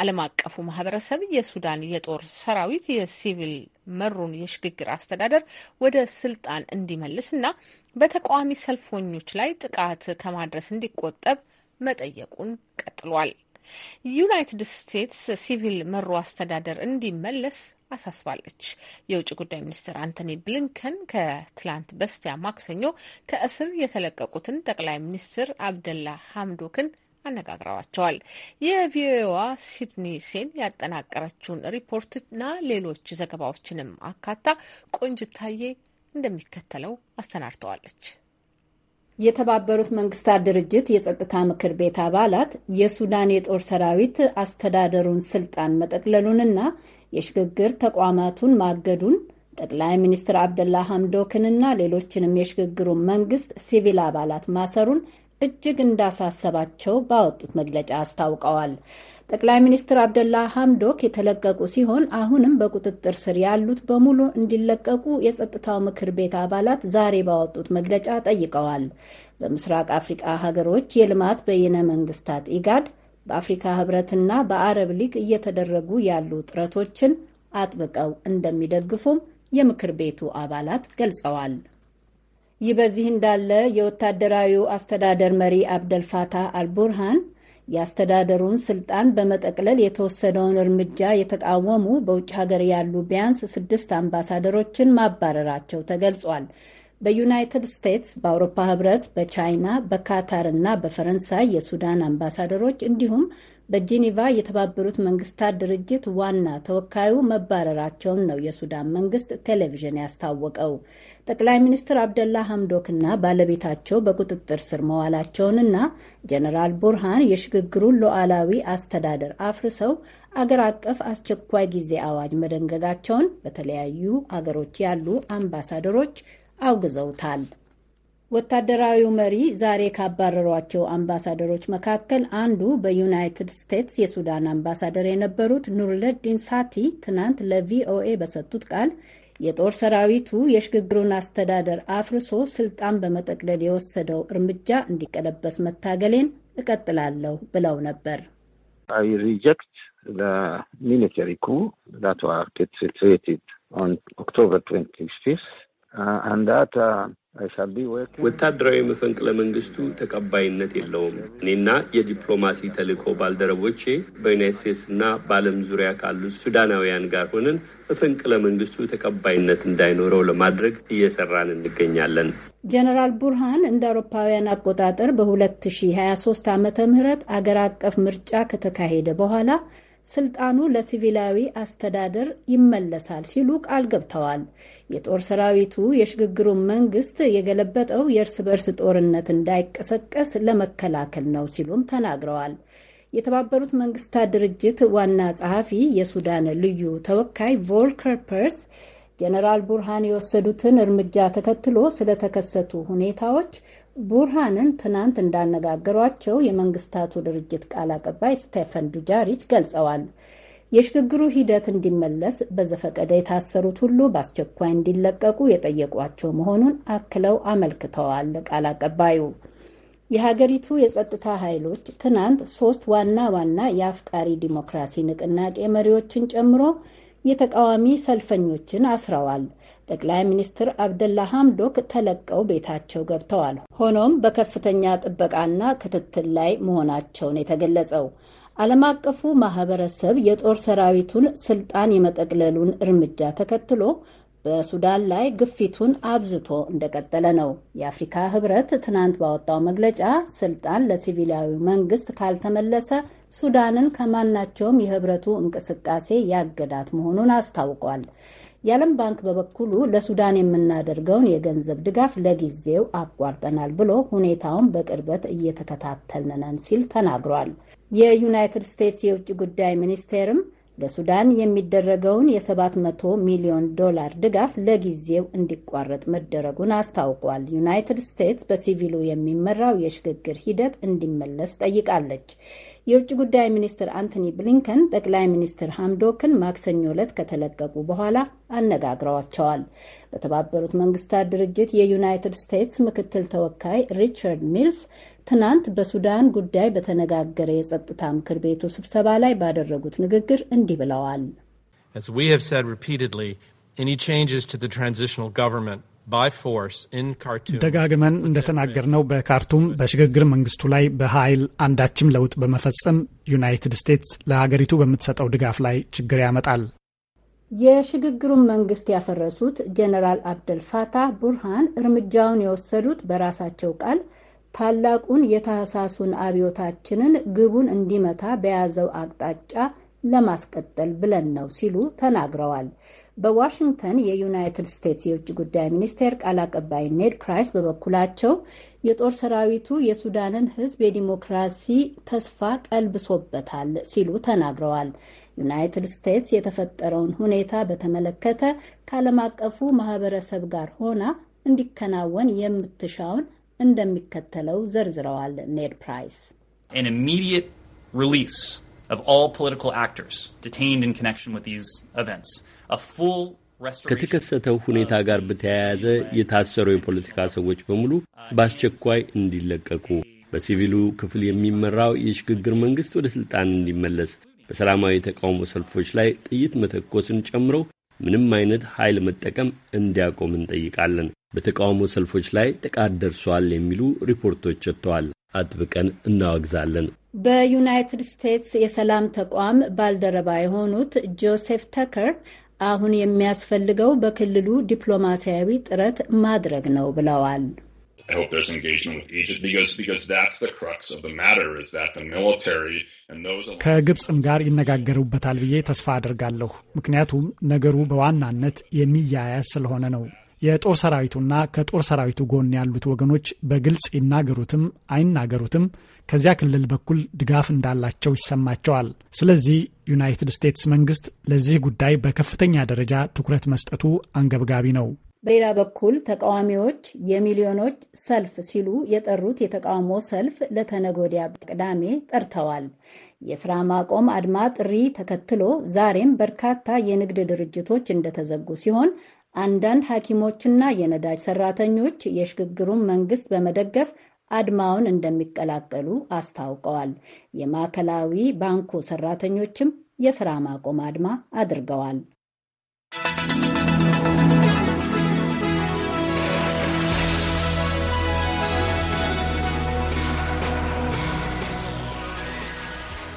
ዓለም አቀፉ ማህበረሰብ የሱዳን የጦር ሰራዊት የሲቪል መሩን የሽግግር አስተዳደር ወደ ስልጣን እንዲመልስና በተቃዋሚ ሰልፈኞች ላይ ጥቃት ከማድረስ እንዲቆጠብ መጠየቁን ቀጥሏል። ዩናይትድ ስቴትስ ሲቪል መሩ አስተዳደር እንዲመለስ አሳስባለች። የውጭ ጉዳይ ሚኒስትር አንቶኒ ብሊንከን ከትላንት በስቲያ ማክሰኞ ከእስር የተለቀቁትን ጠቅላይ ሚኒስትር አብደላ ሀምዶክን አነጋግረዋቸዋል። የቪኦኤዋ ሲድኒ ሴን ያጠናቀረችውን ሪፖርትና ሌሎች ዘገባዎችንም አካታ ቆንጅታዬ እንደሚከተለው አሰናድተዋለች። የተባበሩት መንግስታት ድርጅት የጸጥታ ምክር ቤት አባላት የሱዳን የጦር ሰራዊት አስተዳደሩን ስልጣን መጠቅለሉንና የሽግግር ተቋማቱን ማገዱን ጠቅላይ ሚኒስትር አብደላ ሐምዶክንና ሌሎችንም የሽግግሩን መንግስት ሲቪል አባላት ማሰሩን እጅግ እንዳሳሰባቸው ባወጡት መግለጫ አስታውቀዋል። ጠቅላይ ሚኒስትር አብደላ ሐምዶክ የተለቀቁ ሲሆን አሁንም በቁጥጥር ስር ያሉት በሙሉ እንዲለቀቁ የጸጥታው ምክር ቤት አባላት ዛሬ ባወጡት መግለጫ ጠይቀዋል። በምስራቅ አፍሪቃ ሀገሮች የልማት በይነ መንግስታት ኢጋድ በአፍሪካ ህብረትና በአረብ ሊግ እየተደረጉ ያሉ ጥረቶችን አጥብቀው እንደሚደግፉም የምክር ቤቱ አባላት ገልጸዋል። ይህ በዚህ እንዳለ የወታደራዊ አስተዳደር መሪ አብደልፋታህ አልቡርሃን የአስተዳደሩን ስልጣን በመጠቅለል የተወሰደውን እርምጃ የተቃወሙ በውጭ ሀገር ያሉ ቢያንስ ስድስት አምባሳደሮችን ማባረራቸው ተገልጿል። በዩናይትድ ስቴትስ፣ በአውሮፓ ህብረት፣ በቻይና፣ በካታር እና በፈረንሳይ የሱዳን አምባሳደሮች እንዲሁም በጄኔቫ የተባበሩት መንግስታት ድርጅት ዋና ተወካዩ መባረራቸውን ነው የሱዳን መንግስት ቴሌቪዥን ያስታወቀው። ጠቅላይ ሚኒስትር አብደላ ሐምዶክ እና ባለቤታቸው በቁጥጥር ስር መዋላቸውንና ጀነራል ቡርሃን የሽግግሩን ሉዓላዊ አስተዳደር አፍርሰው አገር አቀፍ አስቸኳይ ጊዜ አዋጅ መደንገጋቸውን በተለያዩ አገሮች ያሉ አምባሳደሮች አውግዘውታል። ወታደራዊው መሪ ዛሬ ካባረሯቸው አምባሳደሮች መካከል አንዱ በዩናይትድ ስቴትስ የሱዳን አምባሳደር የነበሩት ኑርለዲን ሳቲ ትናንት ለቪኦኤ በሰጡት ቃል የጦር ሰራዊቱ የሽግግሩን አስተዳደር አፍርሶ ስልጣን በመጠቅለል የወሰደው እርምጃ እንዲቀለበስ መታገሌን እቀጥላለሁ ብለው ነበር። ሚሊተሪ ኩ ኦክቶበር ወታደራዊ መፈንቅለ መንግስቱ ተቀባይነት የለውም። እኔና የዲፕሎማሲ ተልእኮ ባልደረቦቼ በዩናይት ስቴትስና በዓለም ዙሪያ ካሉት ሱዳናውያን ጋር ሆነን መፈንቅለ መንግስቱ ተቀባይነት እንዳይኖረው ለማድረግ እየሰራን እንገኛለን። ጀነራል ቡርሃን እንደ አውሮፓውያን አቆጣጠር በ2023 ዓመተ ምህረት አገር አቀፍ ምርጫ ከተካሄደ በኋላ ስልጣኑ ለሲቪላዊ አስተዳደር ይመለሳል ሲሉ ቃል ገብተዋል። የጦር ሰራዊቱ የሽግግሩን መንግስት የገለበጠው የእርስ በእርስ ጦርነት እንዳይቀሰቀስ ለመከላከል ነው ሲሉም ተናግረዋል። የተባበሩት መንግስታት ድርጅት ዋና ጸሐፊ የሱዳን ልዩ ተወካይ ቮልከር ፐርስ ጀነራል ቡርሃን የወሰዱትን እርምጃ ተከትሎ ስለተከሰቱ ሁኔታዎች ቡርሃንን ትናንት እንዳነጋገሯቸው የመንግስታቱ ድርጅት ቃል አቀባይ ስቴፈን ዱጃሪች ገልጸዋል። የሽግግሩ ሂደት እንዲመለስ በዘፈቀደ የታሰሩት ሁሉ በአስቸኳይ እንዲለቀቁ የጠየቋቸው መሆኑን አክለው አመልክተዋል። ቃል አቀባዩ የሀገሪቱ የጸጥታ ኃይሎች ትናንት ሶስት ዋና ዋና የአፍቃሪ ዲሞክራሲ ንቅናቄ መሪዎችን ጨምሮ የተቃዋሚ ሰልፈኞችን አስረዋል። ጠቅላይ ሚኒስትር አብደላ ሐምዶክ ተለቀው ቤታቸው ገብተዋል። ሆኖም በከፍተኛ ጥበቃና ክትትል ላይ መሆናቸውን የተገለጸው ዓለም አቀፉ ማህበረሰብ የጦር ሰራዊቱን ስልጣን የመጠቅለሉን እርምጃ ተከትሎ በሱዳን ላይ ግፊቱን አብዝቶ እንደቀጠለ ነው። የአፍሪካ ህብረት ትናንት ባወጣው መግለጫ ስልጣን ለሲቪላዊ መንግስት ካልተመለሰ ሱዳንን ከማናቸውም የህብረቱ እንቅስቃሴ ያገዳት መሆኑን አስታውቋል። የዓለም ባንክ በበኩሉ ለሱዳን የምናደርገውን የገንዘብ ድጋፍ ለጊዜው አቋርጠናል ብሎ ሁኔታውን በቅርበት እየተከታተልን ነን ሲል ተናግሯል። የዩናይትድ ስቴትስ የውጭ ጉዳይ ሚኒስቴርም ለሱዳን የሚደረገውን የ700 ሚሊዮን ዶላር ድጋፍ ለጊዜው እንዲቋረጥ መደረጉን አስታውቋል። ዩናይትድ ስቴትስ በሲቪሉ የሚመራው የሽግግር ሂደት እንዲመለስ ጠይቃለች። የውጭ ጉዳይ ሚኒስትር አንቶኒ ብሊንከን ጠቅላይ ሚኒስትር ሐምዶክን ማክሰኞ ዕለት ከተለቀቁ በኋላ አነጋግረዋቸዋል። በተባበሩት መንግስታት ድርጅት የዩናይትድ ስቴትስ ምክትል ተወካይ ሪቻርድ ሚልስ ትናንት በሱዳን ጉዳይ በተነጋገረ የጸጥታ ምክር ቤቱ ስብሰባ ላይ ባደረጉት ንግግር እንዲህ ብለዋል። ደጋግመን እንደተናገርነው በካርቱም በሽግግር መንግስቱ ላይ በኃይል አንዳችም ለውጥ በመፈጸም ዩናይትድ ስቴትስ ለሀገሪቱ በምትሰጠው ድጋፍ ላይ ችግር ያመጣል። የሽግግሩን መንግስት ያፈረሱት ጀነራል አብደልፋታህ ቡርሃን እርምጃውን የወሰዱት በራሳቸው ቃል ታላቁን የታህሳሱን አብዮታችንን ግቡን እንዲመታ በያዘው አቅጣጫ ለማስቀጠል ብለን ነው ሲሉ ተናግረዋል። በዋሽንግተን የዩናይትድ ስቴትስ የውጭ ጉዳይ ሚኒስቴር ቃል አቀባይ ኔድ ክራይስ በበኩላቸው የጦር ሰራዊቱ የሱዳንን ሕዝብ የዲሞክራሲ ተስፋ ቀልብሶበታል ሲሉ ተናግረዋል። ዩናይትድ ስቴትስ የተፈጠረውን ሁኔታ በተመለከተ ከዓለም አቀፉ ማህበረሰብ ጋር ሆና እንዲከናወን የምትሻውን እንደሚከተለው ዘርዝረዋል። ኔድ ፕራይስ ከተከሰተው ሁኔታ ጋር በተያያዘ የታሰሩ የፖለቲካ ሰዎች በሙሉ uh, በአስቸኳይ እንዲለቀቁ፣ በሲቪሉ ክፍል የሚመራው የሽግግር መንግሥት ወደ ሥልጣን እንዲመለስ፣ በሰላማዊ የተቃውሞ ሰልፎች ላይ ጥይት መተኮስን ጨምሮ ምንም አይነት ኃይል መጠቀም እንዲያቆም እንጠይቃለን። በተቃውሞ ሰልፎች ላይ ጥቃት ደርሷል የሚሉ ሪፖርቶች ወጥተዋል። አጥብቀን እናወግዛለን። በዩናይትድ ስቴትስ የሰላም ተቋም ባልደረባ የሆኑት ጆሴፍ ተከር አሁን የሚያስፈልገው በክልሉ ዲፕሎማሲያዊ ጥረት ማድረግ ነው ብለዋል። ከግብፅም ጋር ይነጋገሩበታል ብዬ ተስፋ አድርጋለሁ። ምክንያቱም ነገሩ በዋናነት የሚያያዝ ስለሆነ ነው። የጦር ሰራዊቱና ከጦር ሰራዊቱ ጎን ያሉት ወገኖች በግልጽ ይናገሩትም አይናገሩትም ከዚያ ክልል በኩል ድጋፍ እንዳላቸው ይሰማቸዋል። ስለዚህ ዩናይትድ ስቴትስ መንግስት ለዚህ ጉዳይ በከፍተኛ ደረጃ ትኩረት መስጠቱ አንገብጋቢ ነው። በሌላ በኩል ተቃዋሚዎች የሚሊዮኖች ሰልፍ ሲሉ የጠሩት የተቃውሞ ሰልፍ ለተነጎዲያ ቅዳሜ ጠርተዋል። የስራ ማቆም አድማ ጥሪ ተከትሎ ዛሬም በርካታ የንግድ ድርጅቶች እንደተዘጉ ሲሆን አንዳንድ ሐኪሞችና የነዳጅ ሰራተኞች የሽግግሩን መንግስት በመደገፍ አድማውን እንደሚቀላቀሉ አስታውቀዋል። የማዕከላዊ ባንኩ ሰራተኞችም የሥራ ማቆም አድማ አድርገዋል።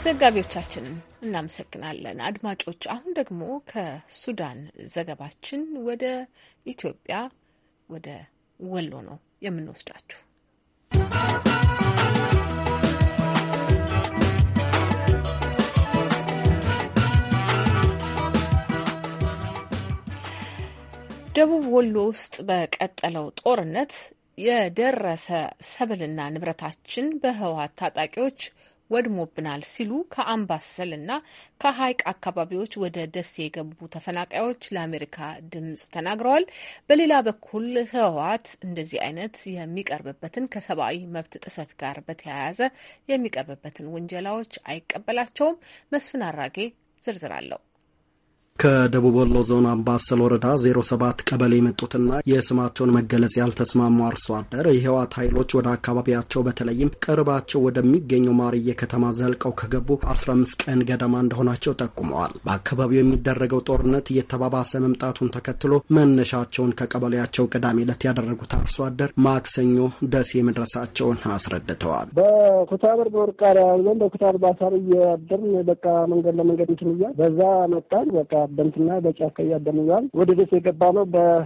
ዘጋቢዎቻችንን እናመሰግናለን። አድማጮች፣ አሁን ደግሞ ከሱዳን ዘገባችን ወደ ኢትዮጵያ ወደ ወሎ ነው የምንወስዳችሁ። ደቡብ ወሎ ውስጥ በቀጠለው ጦርነት የደረሰ ሰብልና ንብረታችን በህወሀት ታጣቂዎች ወድሞብናል ሲሉ ከአምባሰልና ከሀይቅ አካባቢዎች ወደ ደሴ የገቡ ተፈናቃዮች ለአሜሪካ ድምጽ ተናግረዋል። በሌላ በኩል ህወሓት እንደዚህ አይነት የሚቀርብበትን ከሰብአዊ መብት ጥሰት ጋር በተያያዘ የሚቀርብበትን ውንጀላዎች አይቀበላቸውም። መስፍን አራጌ ዝርዝር አለው። ከደቡብ ወሎ ዞን አምባሰል ወረዳ 07 ቀበሌ የመጡትና የስማቸውን መገለጽ ያልተስማሙ አርሶ አደር የህወሓት ኃይሎች ወደ አካባቢያቸው በተለይም ቅርባቸው ወደሚገኘው ማርዬ ከተማ ዘልቀው ከገቡ 15 ቀን ገደማ እንደሆናቸው ጠቁመዋል። በአካባቢው የሚደረገው ጦርነት እየተባባሰ መምጣቱን ተከትሎ መነሻቸውን ከቀበሌያቸው ቅዳሜ ዕለት ያደረጉት አርሶ አደር ማክሰኞ ደሴ መድረሳቸውን አስረድተዋል። በኩታበር በወርቃሪያ ወይም በኩታበር ባሳር እያደር በቃ መንገድ ለመንገድ እንትን በዛ መጣን በቃ እያደንትና በጫካ እያደን ይዟል። ወደ ደሴ የገባ ነው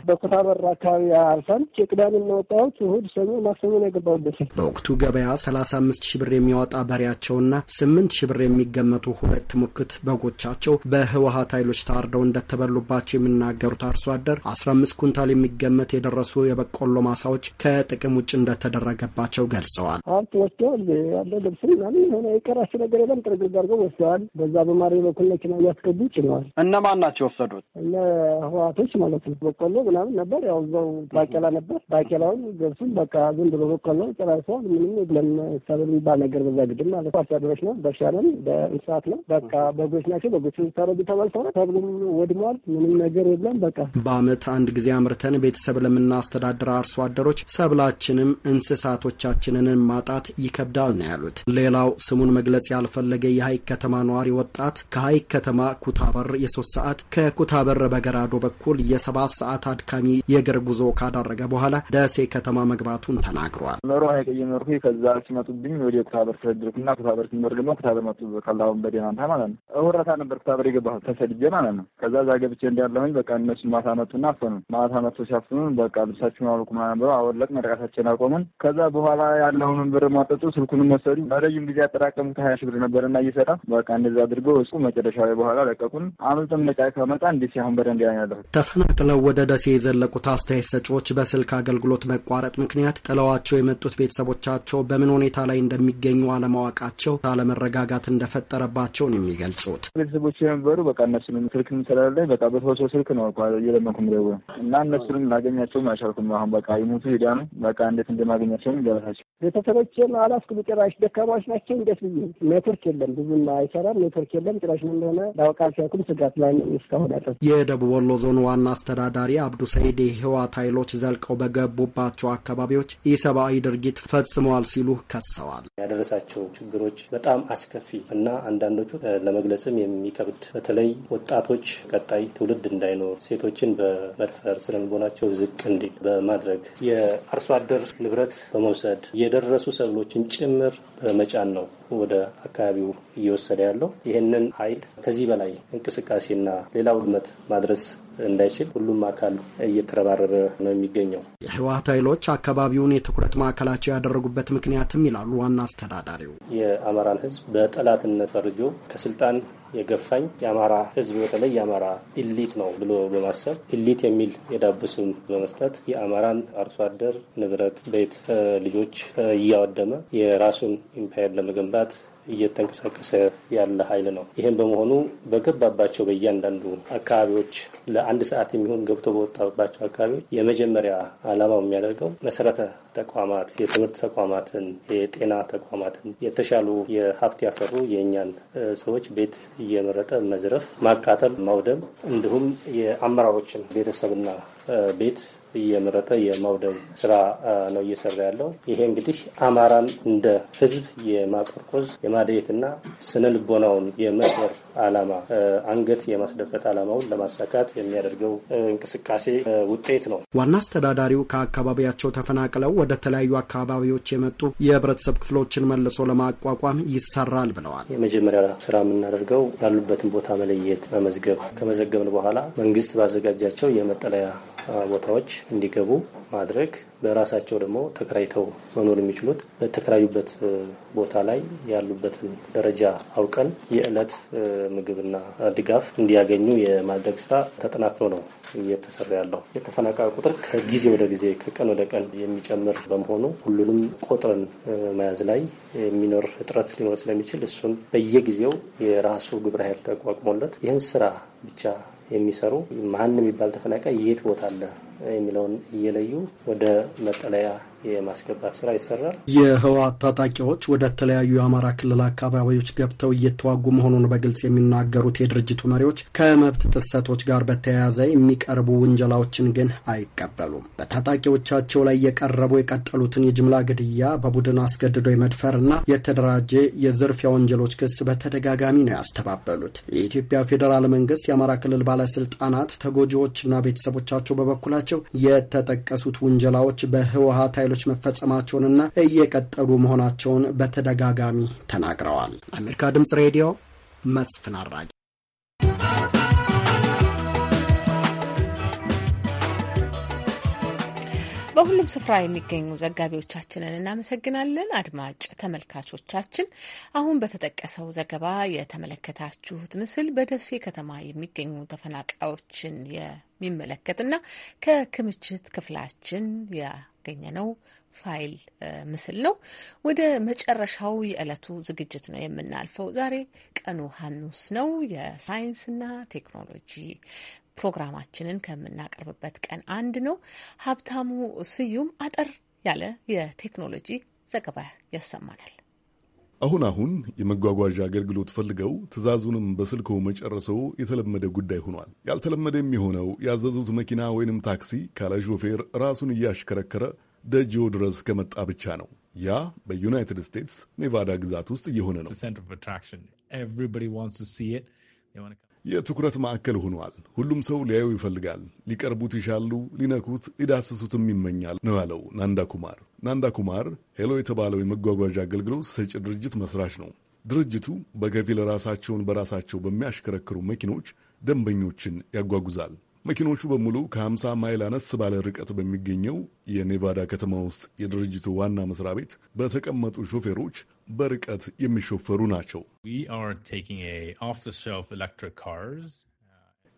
በኩታ በራ አካባቢ አልፈን ቅዳሜ እናወጣሁት እሑድ፣ ሰኞ፣ ማክሰኞ ነው የገባሁት ደሴ። በወቅቱ ገበያ ሰላሳ አምስት ሺ ብር የሚያወጣ በሬያቸውና ስምንት ሺ ብር የሚገመቱ ሁለት ሙክት በጎቻቸው በህወሀት ኃይሎች ታርደው እንደተበሉባቸው የሚናገሩት አርሶ አደር አስራ አምስት ኩንታል የሚገመት የደረሱ የበቆሎ ማሳዎች ከጥቅም ውጭ እንደተደረገባቸው ገልጸዋል። ሀብት ወስደዋል። ያለ ልብስ ምናምን የሆነ የቀራሽ ነገር የለም። ጥርግርግ አድርገው ወስደዋል። በዛ በማሪ በኩል መኪና እያስገቡ ጭነዋል። እነማ ማን ናቸው የወሰዱት? ለህዋቶች ማለት ነው። በቆሎ ምናምን ነበር፣ ያው እዛው ባቄላ ነበር። ባቄላውን ገብሱም በቃ ዝም ብሎ በቆሎ ጨራይሰዋል። ምንም የለም ሰብል የሚባል ነገር በዛ ግድም ማለት አርሶ አደሮች ነው። በሻለን በእንስሳት ነው። በቃ በጎች ናቸው። በጎች ተረዱ ነው። ሰብሉም ወድመዋል። ምንም ነገር የለም። በቃ በአመት አንድ ጊዜ አምርተን ቤተሰብ ለምናስተዳድር አርሶ አደሮች ሰብላችንም እንስሳቶቻችንን ማጣት ይከብዳል ነው ያሉት። ሌላው ስሙን መግለጽ ያልፈለገ የሀይቅ ከተማ ነዋሪ ወጣት ከሀይቅ ከተማ ኩታበር የሶስት ሰዓት ከኩታበር በገራዶ በኩል የሰባት ሰዓት አድካሚ የእግር ጉዞ ካደረገ በኋላ ደሴ ከተማ መግባቱን ተናግሯል። መሮ ሀይቅ እየመርኩ ከዛ ሲመጡብኝ ወደ ኩታበር ተሰድርኩ እና ኩታበር ሲመር ደግሞ ኩታበር መጡ ከላሁን በደናንታ ማለት ነው። እሁረታ ነበር ኩታበር የገባሁት ተሰድጄ ማለት ነው። ከዛ ዛ ገብቼ እንዳለሁኝ በቃ እነሱ ማታ መጡና አፈኑ ማታ መጥቶ ሲያፍኑን በቃ ልብሳችሁን አውልቁ ምናምን ብለው አወለቅ መድቃሳችን አቆምን። ከዛ በኋላ ያለውን ብር ማጠጡ ስልኩንም ወሰዱ። በረዥም ጊዜ ያጠራቀሙት ከሀያ ሺህ ብር ነበር እና እየሰራ በቃ እንደዛ አድርገው እሱ መጨረሻ ላይ በኋላ ለቀቁን አምልጠን መጫት ከመጣ እንዲ ሲሆን በደንብ ያኛለ ተፈናቅለው ወደ ደሴ የዘለቁት አስተያየት ሰጪዎች በስልክ አገልግሎት መቋረጥ ምክንያት ጥለዋቸው የመጡት ቤተሰቦቻቸው በምን ሁኔታ ላይ እንደሚገኙ አለማወቃቸው አለመረጋጋት እንደፈጠረባቸው ነው የሚገልጹት። ቤተሰቦች የነበሩ በቃ እነሱንም ስልክ ስላለኝ በቃ በተወሰው ስልክ ነው እየለመኩም ደው እና እነሱንም ላገኛቸውም አልቻልኩም። አሁን በቃ ይሙቱ ሄዳ ነው በቃ እንዴት እንደማገኛቸውም ገበታቸው ቤተሰቦችም አላስኩሉ ጭራሽ ደካማዎች ናቸው። እንዴት ብዬ ኔትወርክ የለም ብዙም አይሰራም ኔትወርክ የለም ጭራሽ ምን እንደሆነ ላውቅ አልቻልኩም። ስጋት ላይ ላይ እስካሁን ያለ። የደቡብ ወሎ ዞን ዋና አስተዳዳሪ አብዱ ሰይድ የህወሓት ኃይሎች ዘልቀው በገቡባቸው አካባቢዎች ኢሰብአዊ ድርጊት ፈጽመዋል ሲሉ ከሰዋል። ያደረሳቸው ችግሮች በጣም አስከፊ እና አንዳንዶቹ ለመግለጽም የሚከብድ በተለይ ወጣቶች ቀጣይ ትውልድ እንዳይኖር ሴቶችን በመድፈር ስነልቦናቸው ዝቅ እንዲል በማድረግ የአርሶ አደር ንብረት በመውሰድ የደረሱ ሰብሎችን ጭምር በመጫን ነው ወደ አካባቢው እየወሰደ ያለው ይህንን ኃይል ከዚህ በላይ እንቅስቃሴና ሌላ ውድመት ማድረስ እንዳይችል ሁሉም አካል እየተረባረበ ነው የሚገኘው። የህወሀት ኃይሎች አካባቢውን የትኩረት ማዕከላቸው ያደረጉበት ምክንያትም ይላሉ ዋና አስተዳዳሪው የአማራን ህዝብ በጠላትነት ፈርጆ ከስልጣን የገፋኝ የአማራ ህዝብ በተለይ የአማራ ኢሊት ነው ብሎ በማሰብ ኢሊት የሚል የዳቦ ስም በመስጠት የአማራን አርሶ አደር ንብረት፣ ቤት፣ ልጆች እያወደመ የራሱን ኢምፓየር ለመገንባት እየተንቀሳቀሰ ያለ ኃይል ነው። ይህም በመሆኑ በገባባቸው በእያንዳንዱ አካባቢዎች ለአንድ ሰዓት የሚሆን ገብቶ በወጣባቸው አካባቢዎች የመጀመሪያ ዓላማው የሚያደርገው መሰረተ ተቋማት፣ የትምህርት ተቋማትን፣ የጤና ተቋማትን የተሻሉ የሀብት ያፈሩ የእኛን ሰዎች ቤት እየመረጠ መዝረፍ፣ ማቃጠል፣ ማውደም እንዲሁም የአመራሮችን ቤተሰብና ቤት እየመረጠ የማውደም ስራ ነው እየሰራ ያለው። ይሄ እንግዲህ አማራን እንደ ህዝብ የማቆርቆዝ የማደየትና ስነ ልቦናውን የመስበር አላማ አንገት የማስደፈት አላማውን ለማሳካት የሚያደርገው እንቅስቃሴ ውጤት ነው። ዋና አስተዳዳሪው ከአካባቢያቸው ተፈናቅለው ወደ ተለያዩ አካባቢዎች የመጡ የህብረተሰብ ክፍሎችን መልሶ ለማቋቋም ይሰራል ብለዋል። የመጀመሪያ ስራ የምናደርገው ያሉበትን ቦታ መለየት፣ መመዝገብ ከመዘገብን በኋላ መንግስት ባዘጋጃቸው የመጠለያ ቦታዎች እንዲገቡ ማድረግ በራሳቸው ደግሞ ተከራይተው መኖር የሚችሉት በተከራዩበት ቦታ ላይ ያሉበትን ደረጃ አውቀን የዕለት ምግብና ድጋፍ እንዲያገኙ የማድረግ ስራ ተጠናክሮ ነው እየተሰራ ያለው። የተፈናቃዩ ቁጥር ከጊዜ ወደ ጊዜ ከቀን ወደ ቀን የሚጨምር በመሆኑ ሁሉንም ቆጥረን መያዝ ላይ የሚኖር እጥረት ሊኖር ስለሚችል እሱን በየጊዜው የራሱ ግብረ ኃይል ተቋቁሞለት ይህን ስራ ብቻ የሚሰሩ ማን የሚባል ተፈናቃይ የት ቦታ አለ የሚለውን እየለዩ ወደ መጠለያ የማስገባት ስራ ይሰራል። የህወሓት ታጣቂዎች ወደ ተለያዩ የአማራ ክልል አካባቢዎች ገብተው እየተዋጉ መሆኑን በግልጽ የሚናገሩት የድርጅቱ መሪዎች ከመብት ጥሰቶች ጋር በተያያዘ የሚቀርቡ ውንጀላዎችን ግን አይቀበሉም። በታጣቂዎቻቸው ላይ የቀረቡ የቀጠሉትን የጅምላ ግድያ፣ በቡድን አስገድዶ የመድፈር እና የተደራጀ የዝርፊያ ወንጀሎች ክስ በተደጋጋሚ ነው ያስተባበሉት። የኢትዮጵያ ፌዴራል መንግስት፣ የአማራ ክልል ባለስልጣናት፣ ተጎጂዎችና ቤተሰቦቻቸው በበኩላቸው በመሆናቸው የተጠቀሱት ውንጀላዎች በህወሀት ኃይሎች መፈጸማቸውንና እየቀጠሉ መሆናቸውን በተደጋጋሚ ተናግረዋል። አሜሪካ ድምጽ ሬዲዮ መስፍን አራጅ በሁሉም ስፍራ የሚገኙ ዘጋቢዎቻችንን እናመሰግናለን። አድማጭ ተመልካቾቻችን፣ አሁን በተጠቀሰው ዘገባ የተመለከታችሁት ምስል በደሴ ከተማ የሚገኙ ተፈናቃዮችን የሚመለከትና ከክምችት ክፍላችን ያገኘነው ፋይል ምስል ነው። ወደ መጨረሻው የዕለቱ ዝግጅት ነው የምናልፈው። ዛሬ ቀኑ ሐሙስ ነው። የሳይንስና ቴክኖሎጂ ፕሮግራማችንን ከምናቀርብበት ቀን አንድ ነው። ሀብታሙ ስዩም አጠር ያለ የቴክኖሎጂ ዘገባ ያሰማናል። አሁን አሁን የመጓጓዣ አገልግሎት ፈልገው ትዕዛዙንም በስልክዎ መጨረሰው የተለመደ ጉዳይ ሆኗል። ያልተለመደ የሚሆነው ያዘዙት መኪና ወይንም ታክሲ ካለ ሾፌር ራሱን እያሽከረከረ ደጅዎ ድረስ ከመጣ ብቻ ነው። ያ በዩናይትድ ስቴትስ ኔቫዳ ግዛት ውስጥ እየሆነ ነው። የትኩረት ማዕከል ሆኗል። ሁሉም ሰው ሊያዩ ይፈልጋል፣ ሊቀርቡት ይሻሉ፣ ሊነኩት ሊዳስሱትም ይመኛል ነው ያለው ናንዳ ኩማር። ናንዳ ኩማር ሄሎ የተባለው የመጓጓዣ አገልግሎት ሰጪ ድርጅት መስራች ነው። ድርጅቱ በከፊል ራሳቸውን በራሳቸው በሚያሽከረክሩ መኪኖች ደንበኞችን ያጓጉዛል። መኪኖቹ በሙሉ ከ50 ማይል አነስ ባለ ርቀት በሚገኘው የኔቫዳ ከተማ ውስጥ የድርጅቱ ዋና መስሪያ ቤት በተቀመጡ ሾፌሮች በርቀት የሚሾፈሩ ናቸው።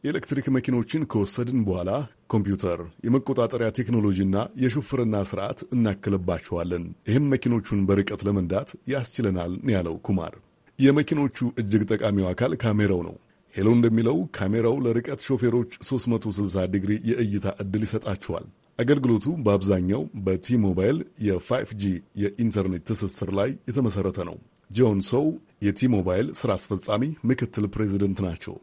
የኤሌክትሪክ መኪኖችን ከወሰድን በኋላ ኮምፒውተር፣ የመቆጣጠሪያ ቴክኖሎጂና የሹፍርና ስርዓት እናክልባቸዋለን። ይህም መኪኖቹን በርቀት ለመንዳት ያስችለናል ያለው ኩማር። የመኪኖቹ እጅግ ጠቃሚው አካል ካሜራው ነው። ሄሎ እንደሚለው ካሜራው ለርቀት ሾፌሮች 360 ዲግሪ የእይታ ዕድል ይሰጣቸዋል። አገልግሎቱ በአብዛኛው በቲ ሞባይል የ5ጂ የኢንተርኔት ትስስር ላይ የተመሠረተ ነው። ጆን ሰው የቲ ሞባይል ሥራ አስፈጻሚ ምክትል ፕሬዚደንት ናቸው።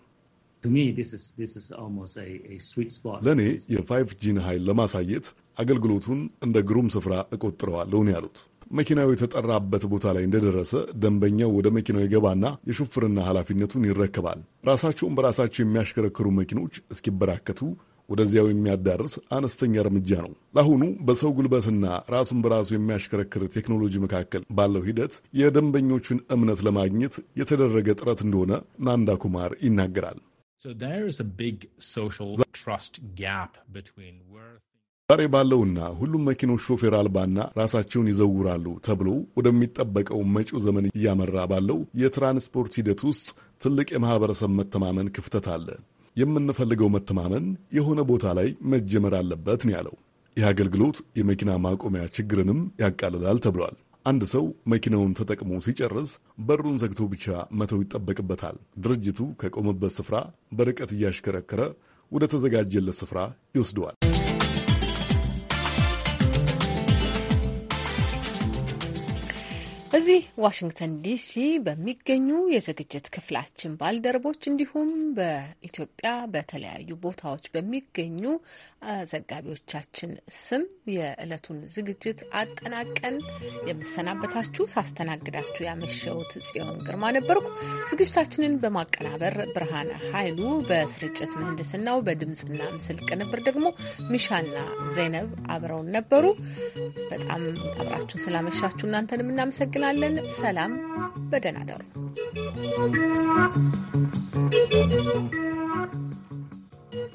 ለእኔ 5 ጂን ኃይል ለማሳየት አገልግሎቱን እንደ ግሩም ስፍራ እቆጥረዋለሁ ነው ያሉት። መኪናው የተጠራበት ቦታ ላይ እንደደረሰ ደንበኛው ወደ መኪናው ይገባና የሹፍርና ኃላፊነቱን ይረከባል። ራሳቸውን በራሳቸው የሚያሽከረክሩ መኪኖች እስኪበራከቱ ወደዚያው የሚያዳርስ አነስተኛ እርምጃ ነው። ለአሁኑ በሰው ጉልበትና ራሱን በራሱ የሚያሽከረክር ቴክኖሎጂ መካከል ባለው ሂደት የደንበኞቹን እምነት ለማግኘት የተደረገ ጥረት እንደሆነ ናንዳ ኩማር ይናገራል። ዛሬ ባለውና ሁሉም መኪኖች ሾፌር አልባና ራሳቸውን ይዘውራሉ ተብሎ ወደሚጠበቀው መጪው ዘመን እያመራ ባለው የትራንስፖርት ሂደት ውስጥ ትልቅ የማህበረሰብ መተማመን ክፍተት አለ። የምንፈልገው መተማመን የሆነ ቦታ ላይ መጀመር አለበት ነው ያለው። ይህ አገልግሎት የመኪና ማቆሚያ ችግርንም ያቃልላል ተብሏል። አንድ ሰው መኪናውን ተጠቅሞ ሲጨርስ በሩን ዘግቶ ብቻ መተው ይጠበቅበታል። ድርጅቱ ከቆመበት ስፍራ በርቀት እያሽከረከረ ወደ ተዘጋጀለት ስፍራ ይወስደዋል። እዚህ ዋሽንግተን ዲሲ በሚገኙ የዝግጅት ክፍላችን ባልደረቦች እንዲሁም በኢትዮጵያ በተለያዩ ቦታዎች በሚገኙ ዘጋቢዎቻችን ስም የዕለቱን ዝግጅት አጠናቀን የምሰናበታችሁ ሳስተናግዳችሁ ያመሸሁት ጽዮን ግርማ ነበርኩ። ዝግጅታችንን በማቀናበር ብርሃን ኃይሉ፣ በስርጭት ምህንድስናው፣ በድምፅና ምስል ቅንብር ደግሞ ሚሻና ዘይነብ አብረውን ነበሩ። በጣም አብራችሁን ስላመሻችሁ እናንተንም እናመሰግናል። እናመሰግናለን። ሰላም፣ በደህና ደሩ።